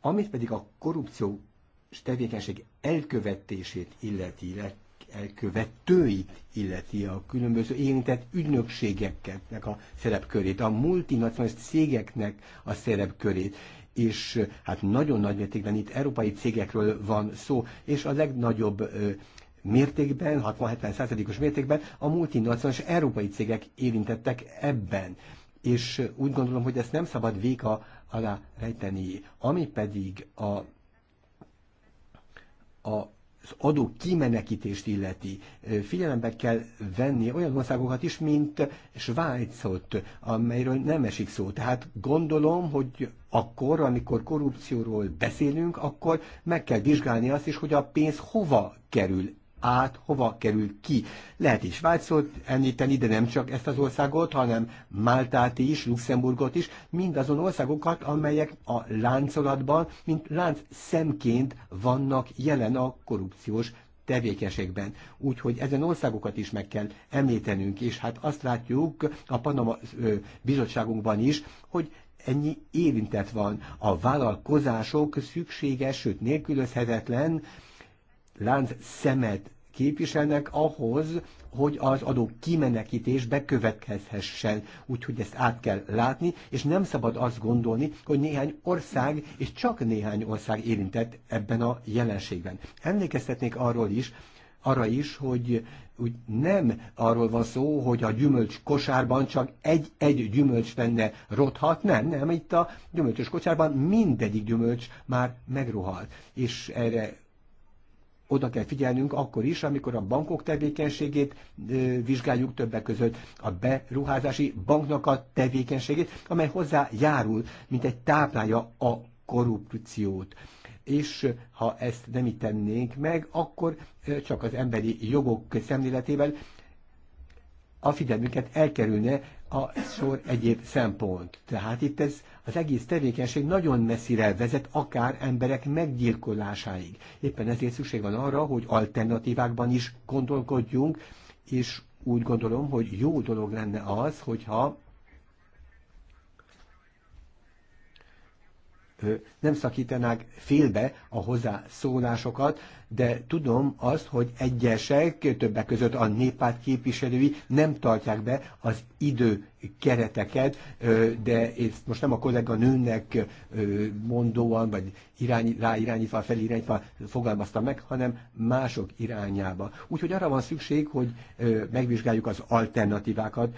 Amit pedig a korrupció tevékenység elkövetését illeti, elkövetőit illeti a különböző érintett ügynökségeknek a szerepkörét, a multinacionalis cégeknek a szerepkörét, és hát nagyon nagy mértékben itt európai cégekről van szó, és a legnagyobb mértékben, 60-70 százalékos mértékben a multinacionalis európai cégek érintettek ebben. És úgy gondolom, hogy ezt nem szabad véka alá rejteni. Ami pedig a, a az adó kimenekítést illeti. Figyelembe kell venni olyan országokat is, mint Svájcot, amelyről nem esik szó. Tehát gondolom, hogy akkor, amikor korrupcióról beszélünk, akkor meg kell vizsgálni azt is, hogy a pénz hova kerül át, hova kerül ki. Lehet is Svájcot említeni, de nem csak ezt az országot, hanem Máltát is, Luxemburgot is, mindazon országokat, amelyek a láncolatban, mint lánc szemként vannak jelen a korrupciós tevékenységben. Úgyhogy ezen országokat is meg kell említenünk, és hát azt látjuk a Panama bizottságunkban is, hogy ennyi érintett van. A vállalkozások szükséges, sőt nélkülözhetetlen lánc szemet képviselnek ahhoz, hogy az adó kimenekítés bekövetkezhessen. Úgyhogy ezt át kell látni, és nem szabad azt gondolni, hogy néhány ország, és csak néhány ország érintett ebben a jelenségben. Emlékeztetnék arról is, arra is, hogy úgy nem arról van szó, hogy a gyümölcs kosárban csak egy-egy gyümölcs lenne rothat, nem, nem, itt a gyümölcsös kosárban mindegyik gyümölcs már megrohalt. És erre oda kell figyelnünk akkor is, amikor a bankok tevékenységét vizsgáljuk többek között a beruházási banknak a tevékenységét, amely hozzá járul, mint egy táplálja a korrupciót. És ha ezt nem itt tennénk meg, akkor csak az emberi jogok szemléletével a figyelmünket elkerülne a sor egyéb szempont. Tehát itt ez az egész tevékenység nagyon messzire vezet, akár emberek meggyilkolásáig. Éppen ezért szükség van arra, hogy alternatívákban is gondolkodjunk, és úgy gondolom, hogy jó dolog lenne az, hogyha nem szakítanák félbe a hozzászólásokat, de tudom azt, hogy egyesek, többek között a néppárt képviselői nem tartják be az idő kereteket, de ezt most nem a kollega nőnek mondóan, vagy irányi, ráirányítva, felirányítva fogalmaztam meg, hanem mások irányába. Úgyhogy arra van szükség, hogy megvizsgáljuk az alternatívákat,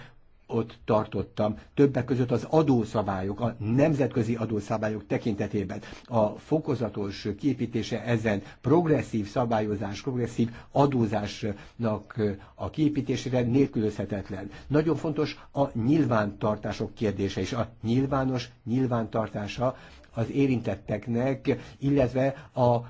ott tartottam, többek között az adószabályok, a nemzetközi adószabályok tekintetében. A fokozatos képítése ezen progresszív szabályozás, progresszív adózásnak a képítésére nélkülözhetetlen. Nagyon fontos a nyilvántartások kérdése és a nyilvános nyilvántartása az érintetteknek, illetve a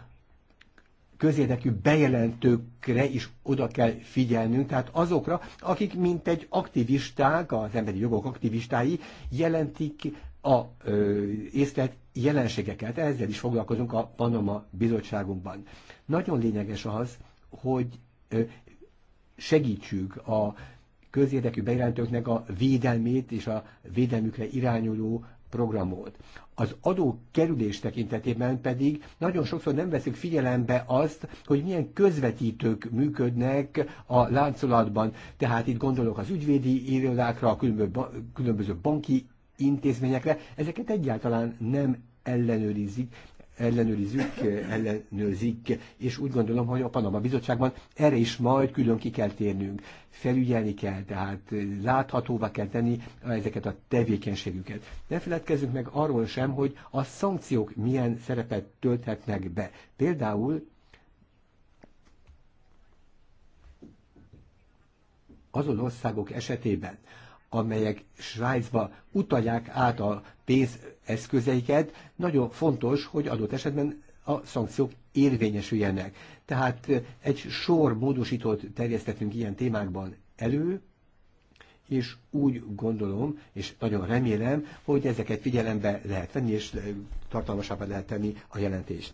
közérdekű bejelentőkre is oda kell figyelnünk, tehát azokra, akik mint egy aktivisták, az emberi jogok aktivistái jelentik a ö, észlelt jelenségeket. Ezzel is foglalkozunk a Panama Bizottságunkban. Nagyon lényeges az, hogy ö, segítsük a közérdekű bejelentőknek a védelmét és a védelmükre irányuló programot. Az adókerülés tekintetében pedig nagyon sokszor nem veszük figyelembe azt, hogy milyen közvetítők működnek a láncolatban. Tehát itt gondolok az ügyvédi irodákra, a különböző banki intézményekre, ezeket egyáltalán nem ellenőrizik, ellenőrizzük, ellenőrzik, és úgy gondolom, hogy a Panama Bizottságban erre is majd külön ki kell térnünk, felügyelni kell, tehát láthatóvá kell tenni ezeket a tevékenységüket. Ne feledkezzünk meg arról sem, hogy a szankciók milyen szerepet tölthetnek be. Például azon országok esetében, amelyek Svájcba utalják át a pénzeszközeiket, nagyon fontos, hogy adott esetben a szankciók érvényesüljenek. Tehát egy sor módosítót terjesztettünk ilyen témákban elő, és úgy gondolom, és nagyon remélem, hogy ezeket figyelembe lehet venni, és tartalmasabbá lehet tenni a jelentést.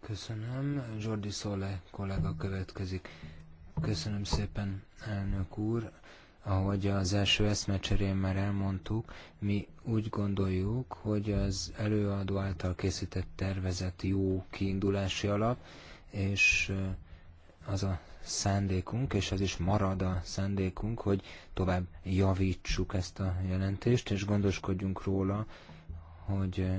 Köszönöm. Jordi Szole kollega következik. Köszönöm szépen, elnök úr. Ahogy az első eszmecserén már elmondtuk, mi úgy gondoljuk, hogy az előadó által készített tervezet jó kiindulási alap, és az a szándékunk, és az is marad a szándékunk, hogy tovább javítsuk ezt a jelentést, és gondoskodjunk róla, hogy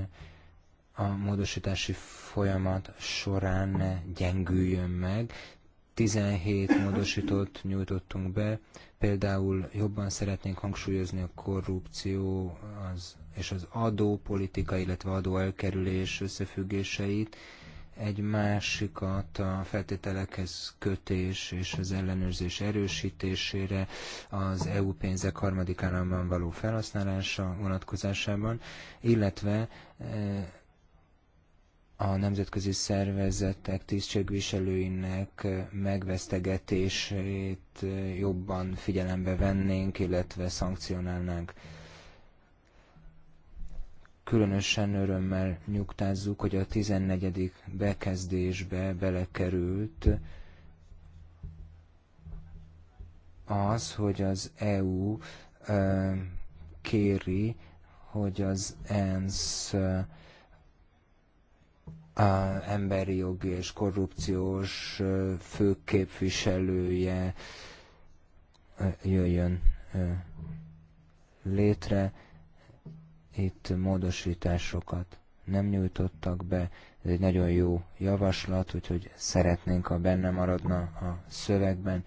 a módosítási folyamat során ne gyengüljön meg, 17 módosítót nyújtottunk be, például jobban szeretnénk hangsúlyozni a korrupció az, és az adópolitika, illetve adóelkerülés összefüggéseit, egy másikat a feltételekhez kötés és az ellenőrzés erősítésére, az EU pénzek harmadik államban való felhasználása vonatkozásában, illetve eh, a nemzetközi szervezetek tisztségviselőinek megvesztegetését jobban figyelembe vennénk, illetve szankcionálnánk. Különösen örömmel nyugtázzuk, hogy a 14. bekezdésbe belekerült az, hogy az EU kéri, hogy az ENSZ a emberi jogi és korrupciós főképviselője jöjjön létre. Itt módosításokat nem nyújtottak be. Ez egy nagyon jó javaslat, úgyhogy szeretnénk, ha benne maradna a szövegben.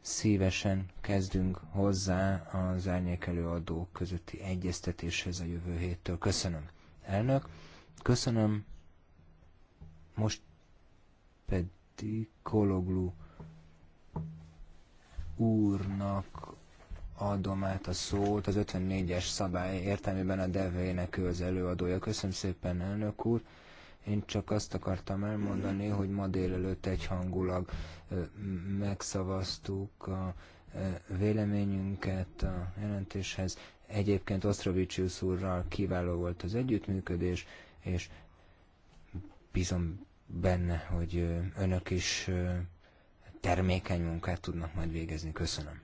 Szívesen kezdünk hozzá az árnyékelő adók közötti egyeztetéshez a jövő héttől. Köszönöm, elnök! Köszönöm. Most pedig Kologlu úrnak adom át a szót az 54-es szabály értelmében a devének ő az előadója. Köszönöm szépen, elnök úr. Én csak azt akartam elmondani, hogy ma délelőtt egyhangulag megszavaztuk a véleményünket a jelentéshez. Egyébként Osztrovicius úrral kiváló volt az együttműködés, és bízom benne, hogy önök is termékeny munkát tudnak majd végezni. Köszönöm.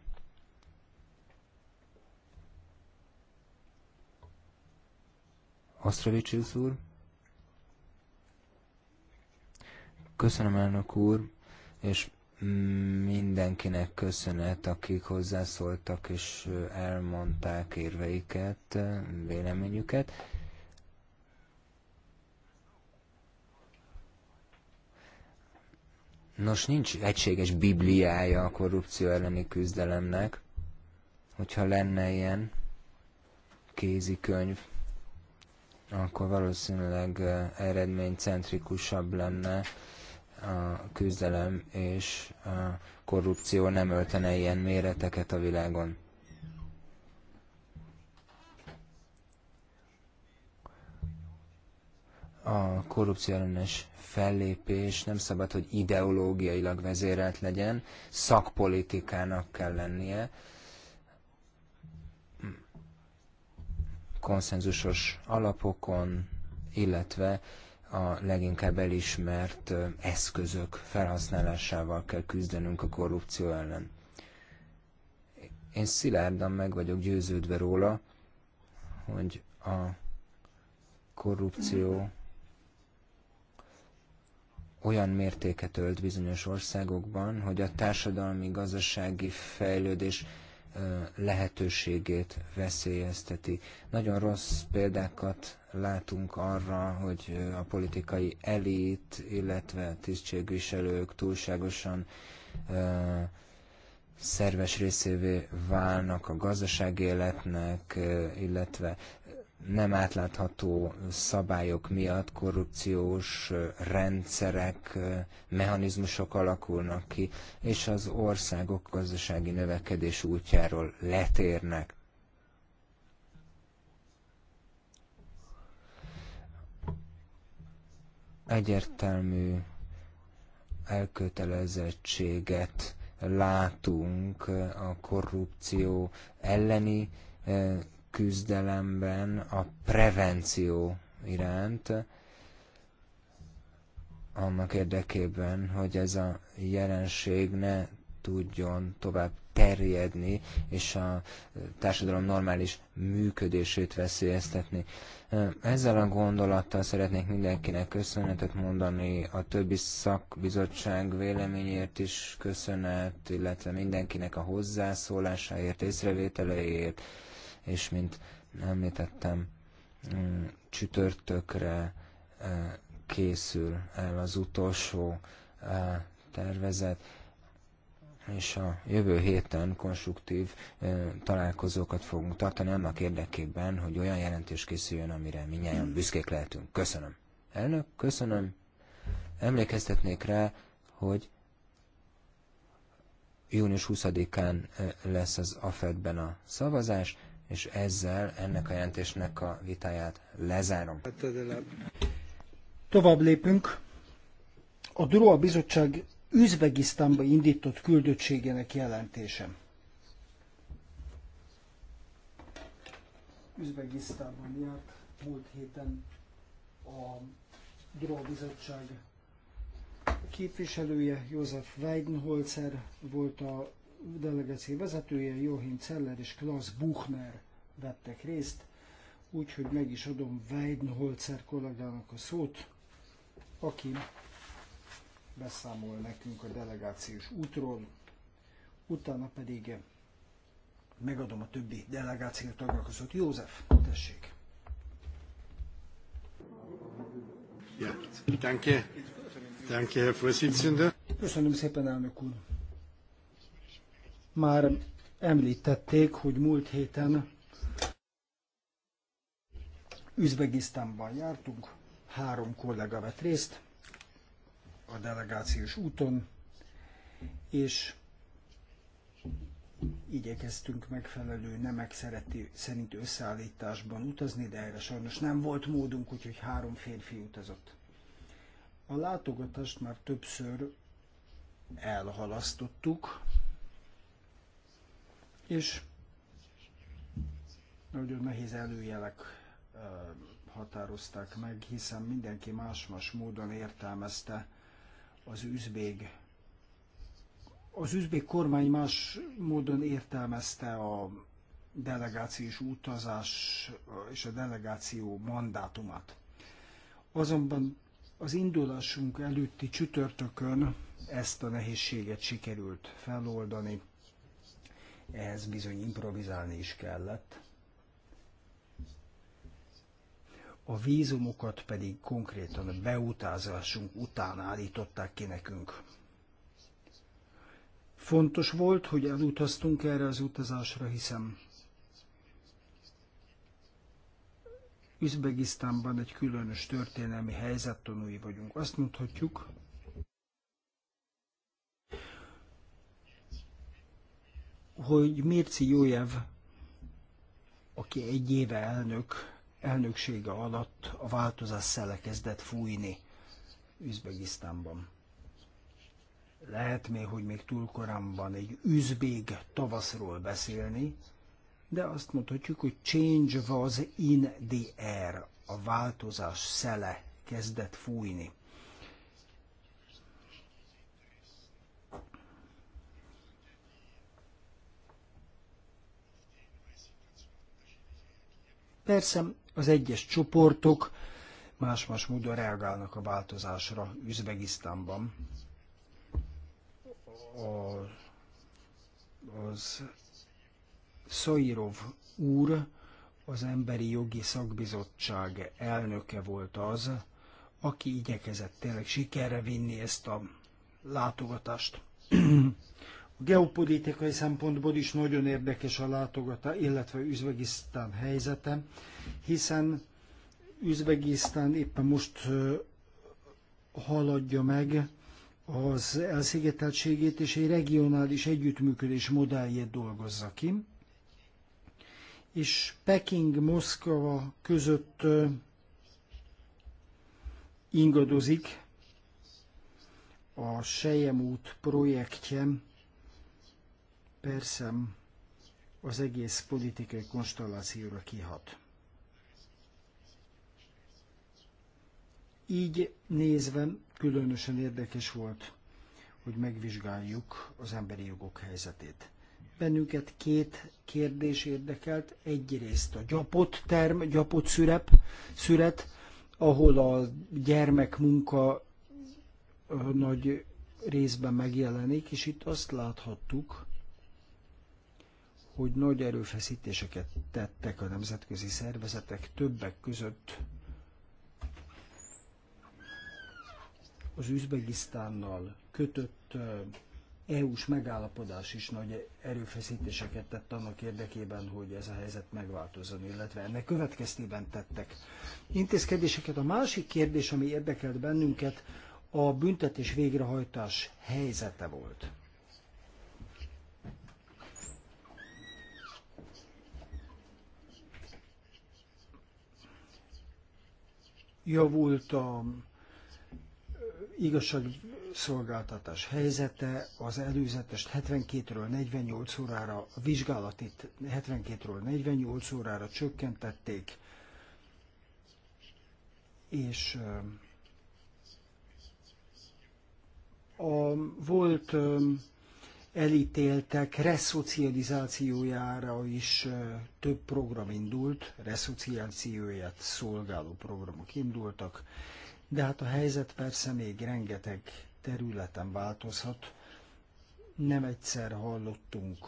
Asztravicsius úr. Köszönöm, elnök úr, és mindenkinek köszönet, akik hozzászóltak és elmondták érveiket, véleményüket. Nos, nincs egységes bibliája a korrupció elleni küzdelemnek, hogyha lenne ilyen kézikönyv, akkor valószínűleg eredménycentrikusabb lenne a küzdelem, és a korrupció nem öltene ilyen méreteket a világon. a korrupció ellenes fellépés nem szabad, hogy ideológiailag vezérelt legyen, szakpolitikának kell lennie, konszenzusos alapokon, illetve a leginkább elismert eszközök felhasználásával kell küzdenünk a korrupció ellen. Én szilárdan meg vagyok győződve róla, hogy a korrupció olyan mértéket ölt bizonyos országokban, hogy a társadalmi-gazdasági fejlődés lehetőségét veszélyezteti. Nagyon rossz példákat látunk arra, hogy a politikai elit, illetve tisztségviselők túlságosan szerves részévé válnak a gazdasági életnek, illetve nem átlátható szabályok miatt korrupciós rendszerek, mechanizmusok alakulnak ki, és az országok gazdasági növekedés útjáról letérnek. Egyértelmű elkötelezettséget látunk a korrupció elleni küzdelemben a prevenció iránt, annak érdekében, hogy ez a jelenség ne tudjon tovább terjedni, és a társadalom normális működését veszélyeztetni. Ezzel a gondolattal szeretnék mindenkinek köszönetet mondani, a többi szakbizottság véleményért is köszönet, illetve mindenkinek a hozzászólásáért, észrevételeiért, és mint említettem, mm, csütörtökre e, készül el az utolsó e, tervezet, és a jövő héten konstruktív e, találkozókat fogunk tartani annak érdekében, hogy olyan jelentés készüljön, amire minnyáján büszkék lehetünk. Köszönöm. Elnök, köszönöm. Emlékeztetnék rá, hogy június 20-án lesz az AFED-ben a szavazás, és ezzel ennek a jelentésnek a vitáját lezárom. Tovább lépünk. A Droa Bizottság Üzbegisztánba indított küldöttségének jelentése. Üzbegisztánban járt múlt héten a Droa Bizottság képviselője, József Weidenholzer volt a delegáció vezetője, Johann Zeller és Klaus Buchner vettek részt, úgyhogy meg is adom Weidenholzer kollégának a szót, aki beszámol nekünk a delegációs útról, utána pedig megadom a többi delegáció tagnak a szót. József, tessék! Ja, danke. Danke, Herr Vorsitzender. Köszönöm szépen, elnök úr! Már említették, hogy múlt héten Üzbegisztánban jártunk, három kollega vett részt a delegációs úton, és igyekeztünk megfelelő nemek szereti, szerint összeállításban utazni, de erre sajnos nem volt módunk, úgyhogy három férfi utazott. A látogatást már többször elhalasztottuk, és nagyon nehéz előjelek határozták meg, hiszen mindenki más-más módon értelmezte az üzbég az üzbék kormány más módon értelmezte a delegációs utazás és a delegáció mandátumát. Azonban az indulásunk előtti csütörtökön ezt a nehézséget sikerült feloldani, ehhez bizony improvizálni is kellett. A vízumokat pedig konkrétan a beutázásunk után állították ki nekünk. Fontos volt, hogy elutaztunk erre az utazásra, hiszem Üzbegisztánban egy különös történelmi helyzettanúi vagyunk. Azt mondhatjuk, hogy Mirci Jójev, aki egy éve elnök, elnöksége alatt a változás szele kezdett fújni Üzbegisztánban. Lehet még, hogy még túl korán van egy üzbég tavaszról beszélni, de azt mondhatjuk, hogy change was in the air, a változás szele kezdett fújni. Persze az egyes csoportok más-más módon reagálnak a változásra Üzbegisztánban. A, az Szairov úr, az Emberi Jogi Szakbizottság elnöke volt az, aki igyekezett tényleg sikerre vinni ezt a látogatást. Geopolitikai szempontból is nagyon érdekes a látogata, illetve Üzvegisztán helyzete, hiszen Üzvegisztán éppen most haladja meg az elszigeteltségét, és egy regionális együttműködés modelljét dolgozza ki. És Peking-Moszkva között ingadozik a Sejem út projektje, persze az egész politikai konstellációra kihat. Így nézve különösen érdekes volt, hogy megvizsgáljuk az emberi jogok helyzetét. Bennünket két kérdés érdekelt. Egyrészt a gyapott term, gyapott szürep, szüret, ahol a gyermekmunka nagy részben megjelenik, és itt azt láthattuk, hogy nagy erőfeszítéseket tettek a nemzetközi szervezetek többek között az Üzbegisztánnal kötött EU-s megállapodás is nagy erőfeszítéseket tett annak érdekében, hogy ez a helyzet megváltozzon, illetve ennek következtében tettek intézkedéseket. A másik kérdés, ami érdekelt bennünket, a büntetés végrehajtás helyzete volt. javult a igazságszolgáltatás helyzete, az előzetes 72-ről 48 órára, a vizsgálatit 72-ről 48 órára csökkentették, és a volt elítéltek reszocializációjára is több program indult, reszociációját szolgáló programok indultak, de hát a helyzet persze még rengeteg területen változhat. Nem egyszer hallottunk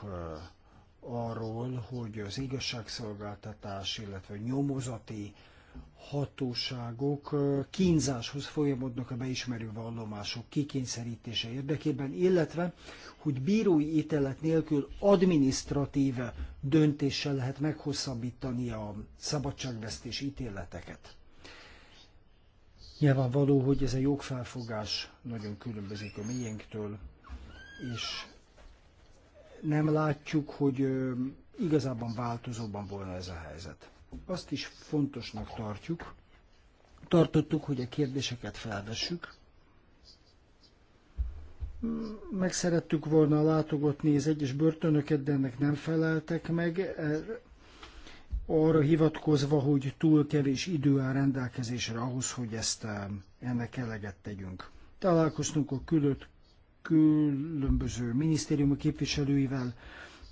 arról, hogy az igazságszolgáltatás, illetve nyomozati hatóságok kínzáshoz folyamodnak a beismerő vallomások kikényszerítése érdekében, illetve hogy bírói ítélet nélkül adminisztratíve döntéssel lehet meghosszabbítani a szabadságvesztés ítéleteket. Nyilvánvaló, hogy ez a jogfelfogás nagyon különbözik a miénktől, és nem látjuk, hogy igazában változóban volna ez a helyzet. Azt is fontosnak tartjuk, tartottuk, hogy a kérdéseket felvessük. Meg szerettük volna látogatni az egyes börtönöket, de ennek nem feleltek meg, arra hivatkozva, hogy túl kevés idő áll rendelkezésre ahhoz, hogy ezt eh, ennek eleget tegyünk. Találkoztunk a külött különböző minisztériumok képviselőivel,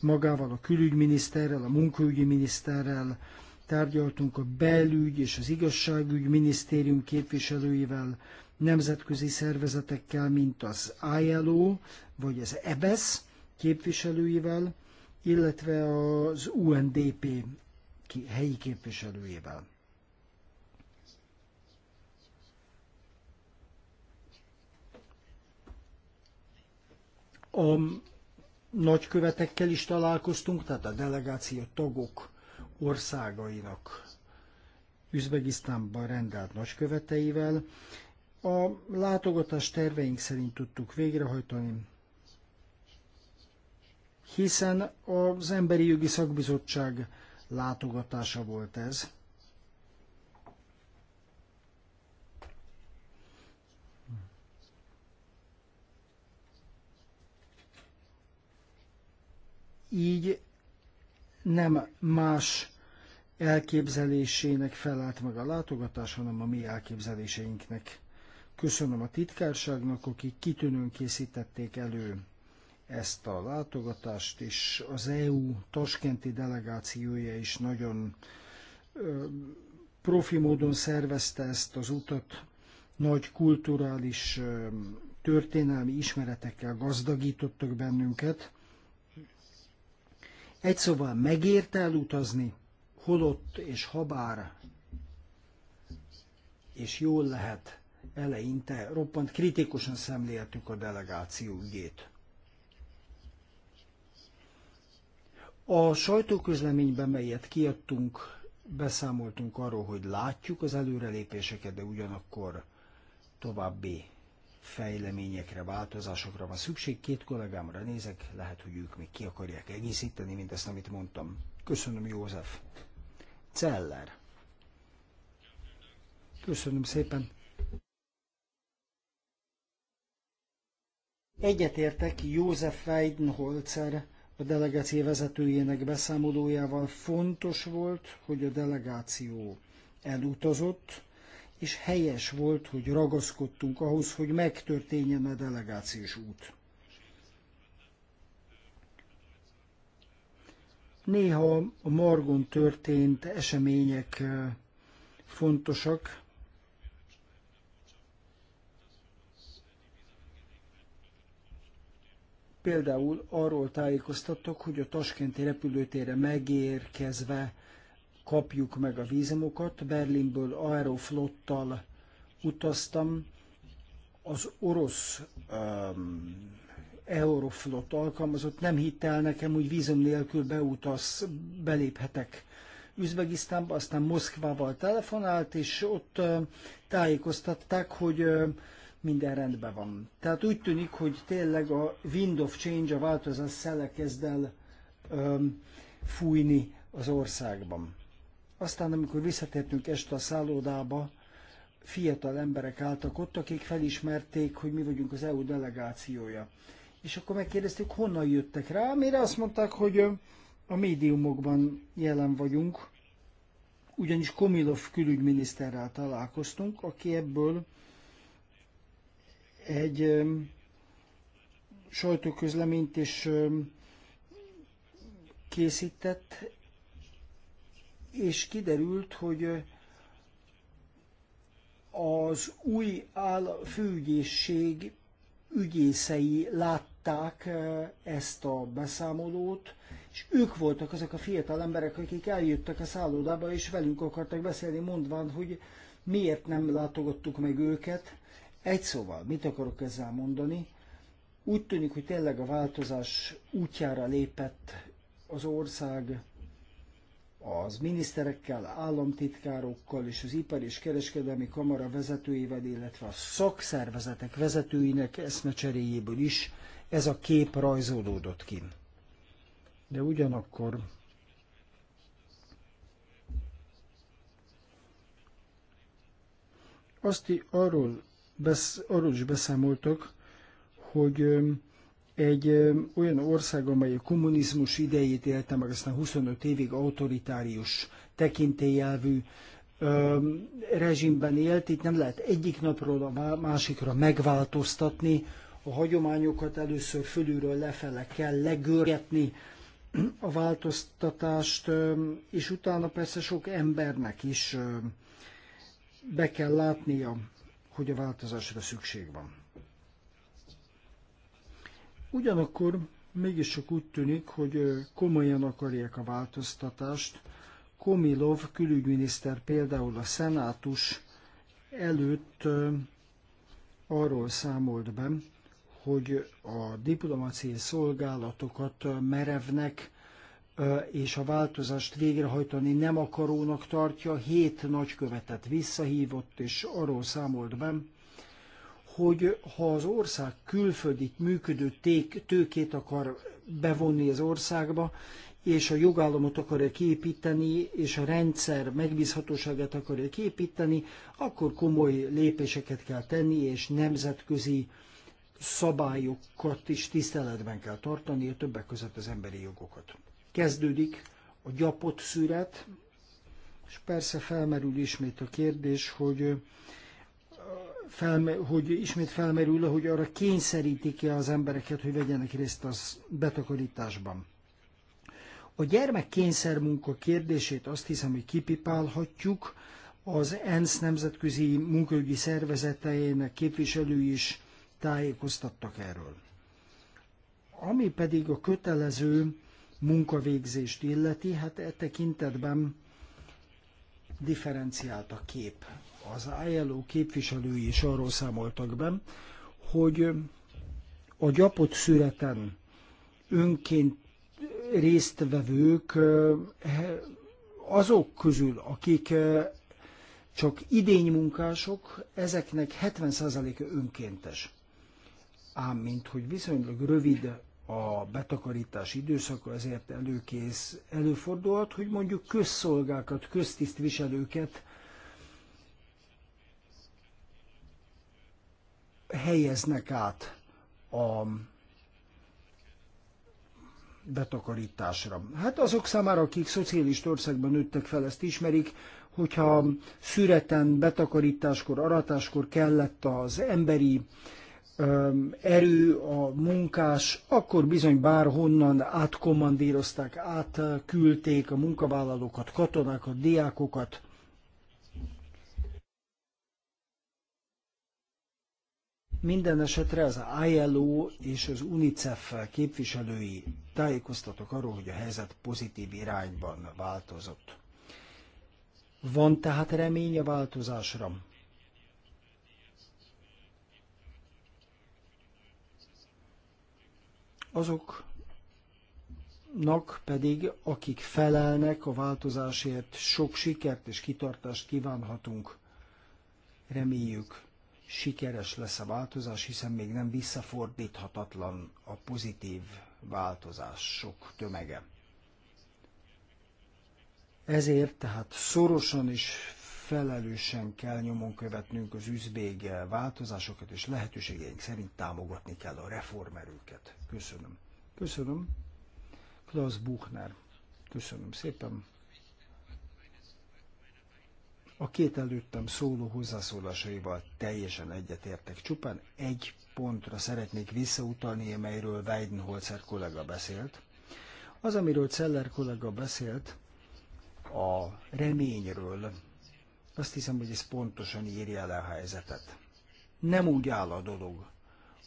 magával a külügyminiszterrel, a munkaügyi miniszterrel, tárgyaltunk a belügy és az igazságügy minisztérium képviselőivel, nemzetközi szervezetekkel, mint az ILO vagy az EBS e képviselőivel, illetve az UNDP helyi képviselőjével. A nagykövetekkel is találkoztunk, tehát a delegáció tagok országainak Üzbegisztánban rendelt nagyköveteivel. A látogatás terveink szerint tudtuk végrehajtani, hiszen az Emberi Jogi Szakbizottság látogatása volt ez. Így nem más elképzelésének felállt meg a látogatás, hanem a mi elképzeléseinknek. Köszönöm a titkárságnak, akik kitűnőn készítették elő ezt a látogatást, és az EU taskenti delegációja is nagyon ö, profi módon szervezte ezt az utat, nagy kulturális, ö, történelmi ismeretekkel gazdagítottak bennünket, egy szóval megért elutazni, holott és habár, és jól lehet eleinte roppant kritikusan szemléltük a delegáció ügyét. A sajtóközleményben, melyet kiadtunk, beszámoltunk arról, hogy látjuk az előrelépéseket, de ugyanakkor további fejleményekre, változásokra van szükség. Két kollégámra nézek, lehet, hogy ők még ki akarják egészíteni mindezt, amit mondtam. Köszönöm, József. Celler. Köszönöm szépen. Egyetértek József Weidenholzer, a delegáció vezetőjének beszámolójával. Fontos volt, hogy a delegáció elutazott, és helyes volt, hogy ragaszkodtunk ahhoz, hogy megtörténjen a delegációs út. Néha a Margon történt események eh, fontosak, Például arról tájékoztattak, hogy a taskenti repülőtérre megérkezve kapjuk meg a vízumokat. Berlinből Aeroflottal utaztam. Az orosz um, Euroflot alkalmazott nem hitte el nekem, hogy vízum nélkül beutaz, beléphetek Üzbegisztánba, aztán Moszkvával telefonált, és ott uh, tájékoztatták, hogy uh, minden rendben van. Tehát úgy tűnik, hogy tényleg a wind of change, a változás szele kezd el um, fújni az országban. Aztán, amikor visszatértünk este a szállodába, fiatal emberek álltak ott, akik felismerték, hogy mi vagyunk az EU delegációja. És akkor megkérdeztük, honnan jöttek rá, mire azt mondták, hogy a médiumokban jelen vagyunk, ugyanis Komilov külügyminiszterrel találkoztunk, aki ebből egy sajtóközleményt is készített, és kiderült, hogy az új főügyészség ügyészei látták ezt a beszámolót, és ők voltak azok a fiatal emberek, akik eljöttek a szállodába, és velünk akartak beszélni, mondván, hogy miért nem látogattuk meg őket. Egy szóval, mit akarok ezzel mondani? Úgy tűnik, hogy tényleg a változás útjára lépett az ország, az miniszterekkel, államtitkárokkal és az ipar és kereskedelmi kamara vezetőivel, illetve a szakszervezetek vezetőinek eszmecseréjéből is ez a kép rajzolódott ki. De ugyanakkor azt arról, besz, arról is beszámoltak, hogy egy olyan ország, amely a kommunizmus idejét élte meg, aztán 25 évig autoritárius tekintélyelvű rezsimben élt, itt nem lehet egyik napról a másikra megváltoztatni, a hagyományokat először fölülről lefele kell legörgetni a változtatást, és utána persze sok embernek is be kell látnia, hogy a változásra szükség van. Ugyanakkor mégiscsak úgy tűnik, hogy komolyan akarják a változtatást. Komilov külügyminiszter például a szenátus előtt arról számolt be, hogy a diplomáciai szolgálatokat merevnek és a változást végrehajtani nem akarónak tartja, hét nagykövetet visszahívott, és arról számolt be, hogy ha az ország külföldi működő ték, tőkét akar bevonni az országba, és a jogállamot akarja kiépíteni, és a rendszer megbízhatóságát akarja kiépíteni, akkor komoly lépéseket kell tenni, és nemzetközi szabályokat is tiszteletben kell tartani, a többek között az emberi jogokat. Kezdődik a gyapott szüret, és persze felmerül ismét a kérdés, hogy felme, hogy ismét felmerül, hogy arra kényszerítik ki az embereket, hogy vegyenek részt a betakarításban. A gyermek kényszermunka kérdését azt hiszem, hogy kipipálhatjuk. Az ENSZ nemzetközi munkaügyi szervezeteinek képviselői is tájékoztattak erről. Ami pedig a kötelező munkavégzést illeti, hát e tekintetben differenciált a kép az ILO képviselői is arról számoltak be, hogy a gyapott szüreten önként résztvevők azok közül, akik csak idénymunkások, ezeknek 70%-a önkéntes. Ám, mint hogy viszonylag rövid a betakarítás időszaka, ezért előkész, előfordulhat, hogy mondjuk közszolgákat, köztisztviselőket helyeznek át a betakarításra. Hát azok számára, akik szocialista országban nőttek fel, ezt ismerik, hogyha szüreten, betakarításkor, aratáskor kellett az emberi öm, erő, a munkás, akkor bizony bárhonnan átkommandírozták, átküldték a munkavállalókat, katonákat, diákokat, Minden esetre az ILO és az UNICEF képviselői tájékoztatok arról, hogy a helyzet pozitív irányban változott. Van tehát remény a változásra? Azoknak pedig, akik felelnek a változásért, sok sikert és kitartást kívánhatunk. Reméljük, sikeres lesz a változás, hiszen még nem visszafordíthatatlan a pozitív változások tömege. Ezért tehát szorosan és felelősen kell nyomon követnünk az üzbég változásokat, és lehetőségeink szerint támogatni kell a reformerőket. Köszönöm. Köszönöm. Klaus Buchner. Köszönöm szépen. A két előttem szóló hozzászólásaival teljesen egyetértek. Csupán egy pontra szeretnék visszautalni, amelyről Weidenholzer kollega beszélt. Az, amiről Celler kollega beszélt, a reményről, azt hiszem, hogy ez pontosan írja le a helyzetet. Nem úgy áll a dolog,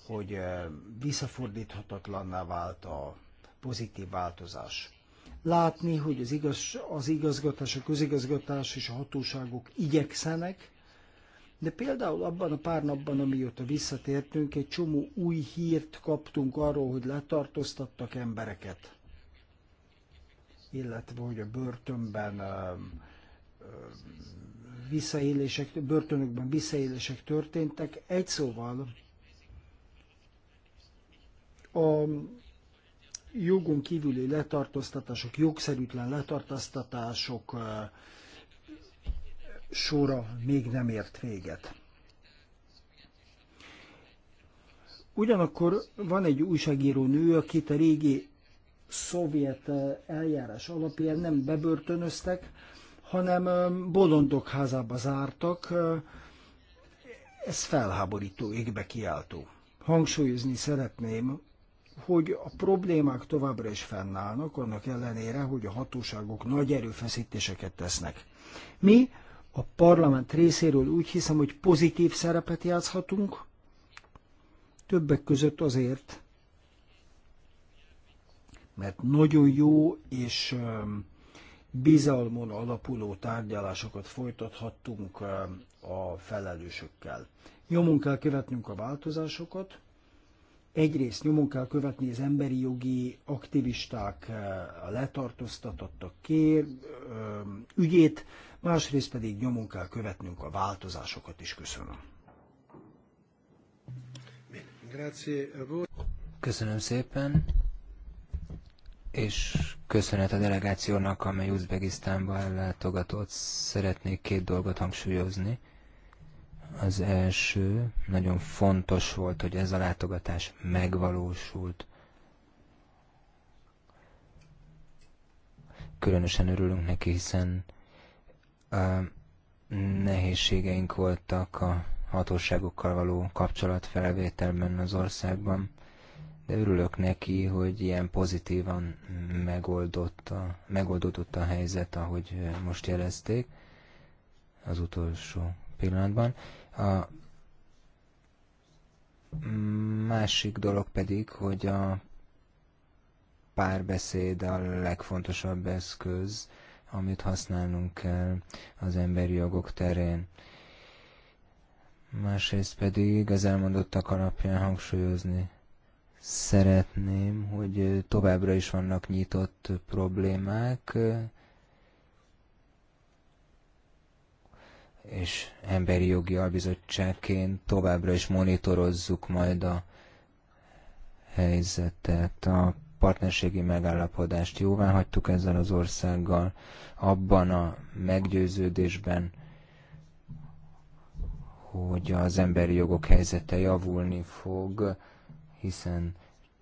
hogy eh, visszafordíthatatlanná vált a pozitív változás látni, hogy az, igaz, az igazgatás, a közigazgatás és a hatóságok igyekszenek, de például abban a pár napban, amióta visszatértünk, egy csomó új hírt kaptunk arról, hogy letartóztattak embereket, illetve hogy a börtönben visszaélések, börtönökben visszaélések történtek. Egy szóval a jogon kívüli letartóztatások, jogszerűtlen letartóztatások sora még nem ért véget. Ugyanakkor van egy újságíró nő, akit a régi szovjet eljárás alapján nem bebörtönöztek, hanem bolondok házába zártak. Ez felháborító, égbe kiáltó. Hangsúlyozni szeretném, hogy a problémák továbbra is fennállnak, annak ellenére, hogy a hatóságok nagy erőfeszítéseket tesznek. Mi a parlament részéről úgy hiszem, hogy pozitív szerepet játszhatunk, többek között azért, mert nagyon jó és bizalmon alapuló tárgyalásokat folytathattunk a felelősökkel. Nyomunk kell követnünk a változásokat, Egyrészt nyomon kell követni az emberi jogi aktivisták, eh, a letartóztatottak kér, eh, ügyét, másrészt pedig nyomon kell követnünk a változásokat is. Köszönöm. Köszönöm szépen, és köszönet a delegációnak, amely Uzbekisztánba ellátogatott. Szeretnék két dolgot hangsúlyozni. Az első, nagyon fontos volt, hogy ez a látogatás megvalósult. Különösen örülünk neki, hiszen uh, nehézségeink voltak a hatóságokkal való kapcsolatfelvételben az országban, de örülök neki, hogy ilyen pozitívan megoldott a, megoldódott a helyzet, ahogy most jelezték az utolsó pillanatban. A másik dolog pedig, hogy a párbeszéd a legfontosabb eszköz, amit használnunk kell az emberi jogok terén. Másrészt pedig az elmondottak alapján hangsúlyozni szeretném, hogy továbbra is vannak nyitott problémák, és emberi jogi albizottságként továbbra is monitorozzuk majd a helyzetet. A partnerségi megállapodást jóvá hagytuk ezzel az országgal, abban a meggyőződésben, hogy az emberi jogok helyzete javulni fog, hiszen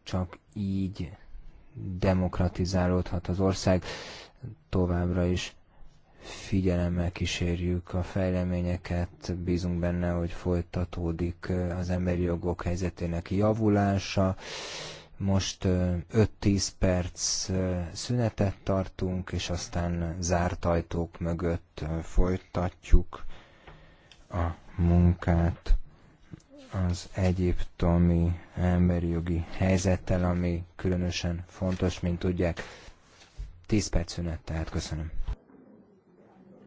csak így demokratizálódhat az ország továbbra is figyelemmel kísérjük a fejleményeket, bízunk benne, hogy folytatódik az emberi jogok helyzetének javulása. Most 5-10 perc szünetet tartunk, és aztán zárt ajtók mögött folytatjuk a munkát az egyiptomi emberi jogi helyzettel, ami különösen fontos, mint tudják. 10 perc szünet, tehát köszönöm.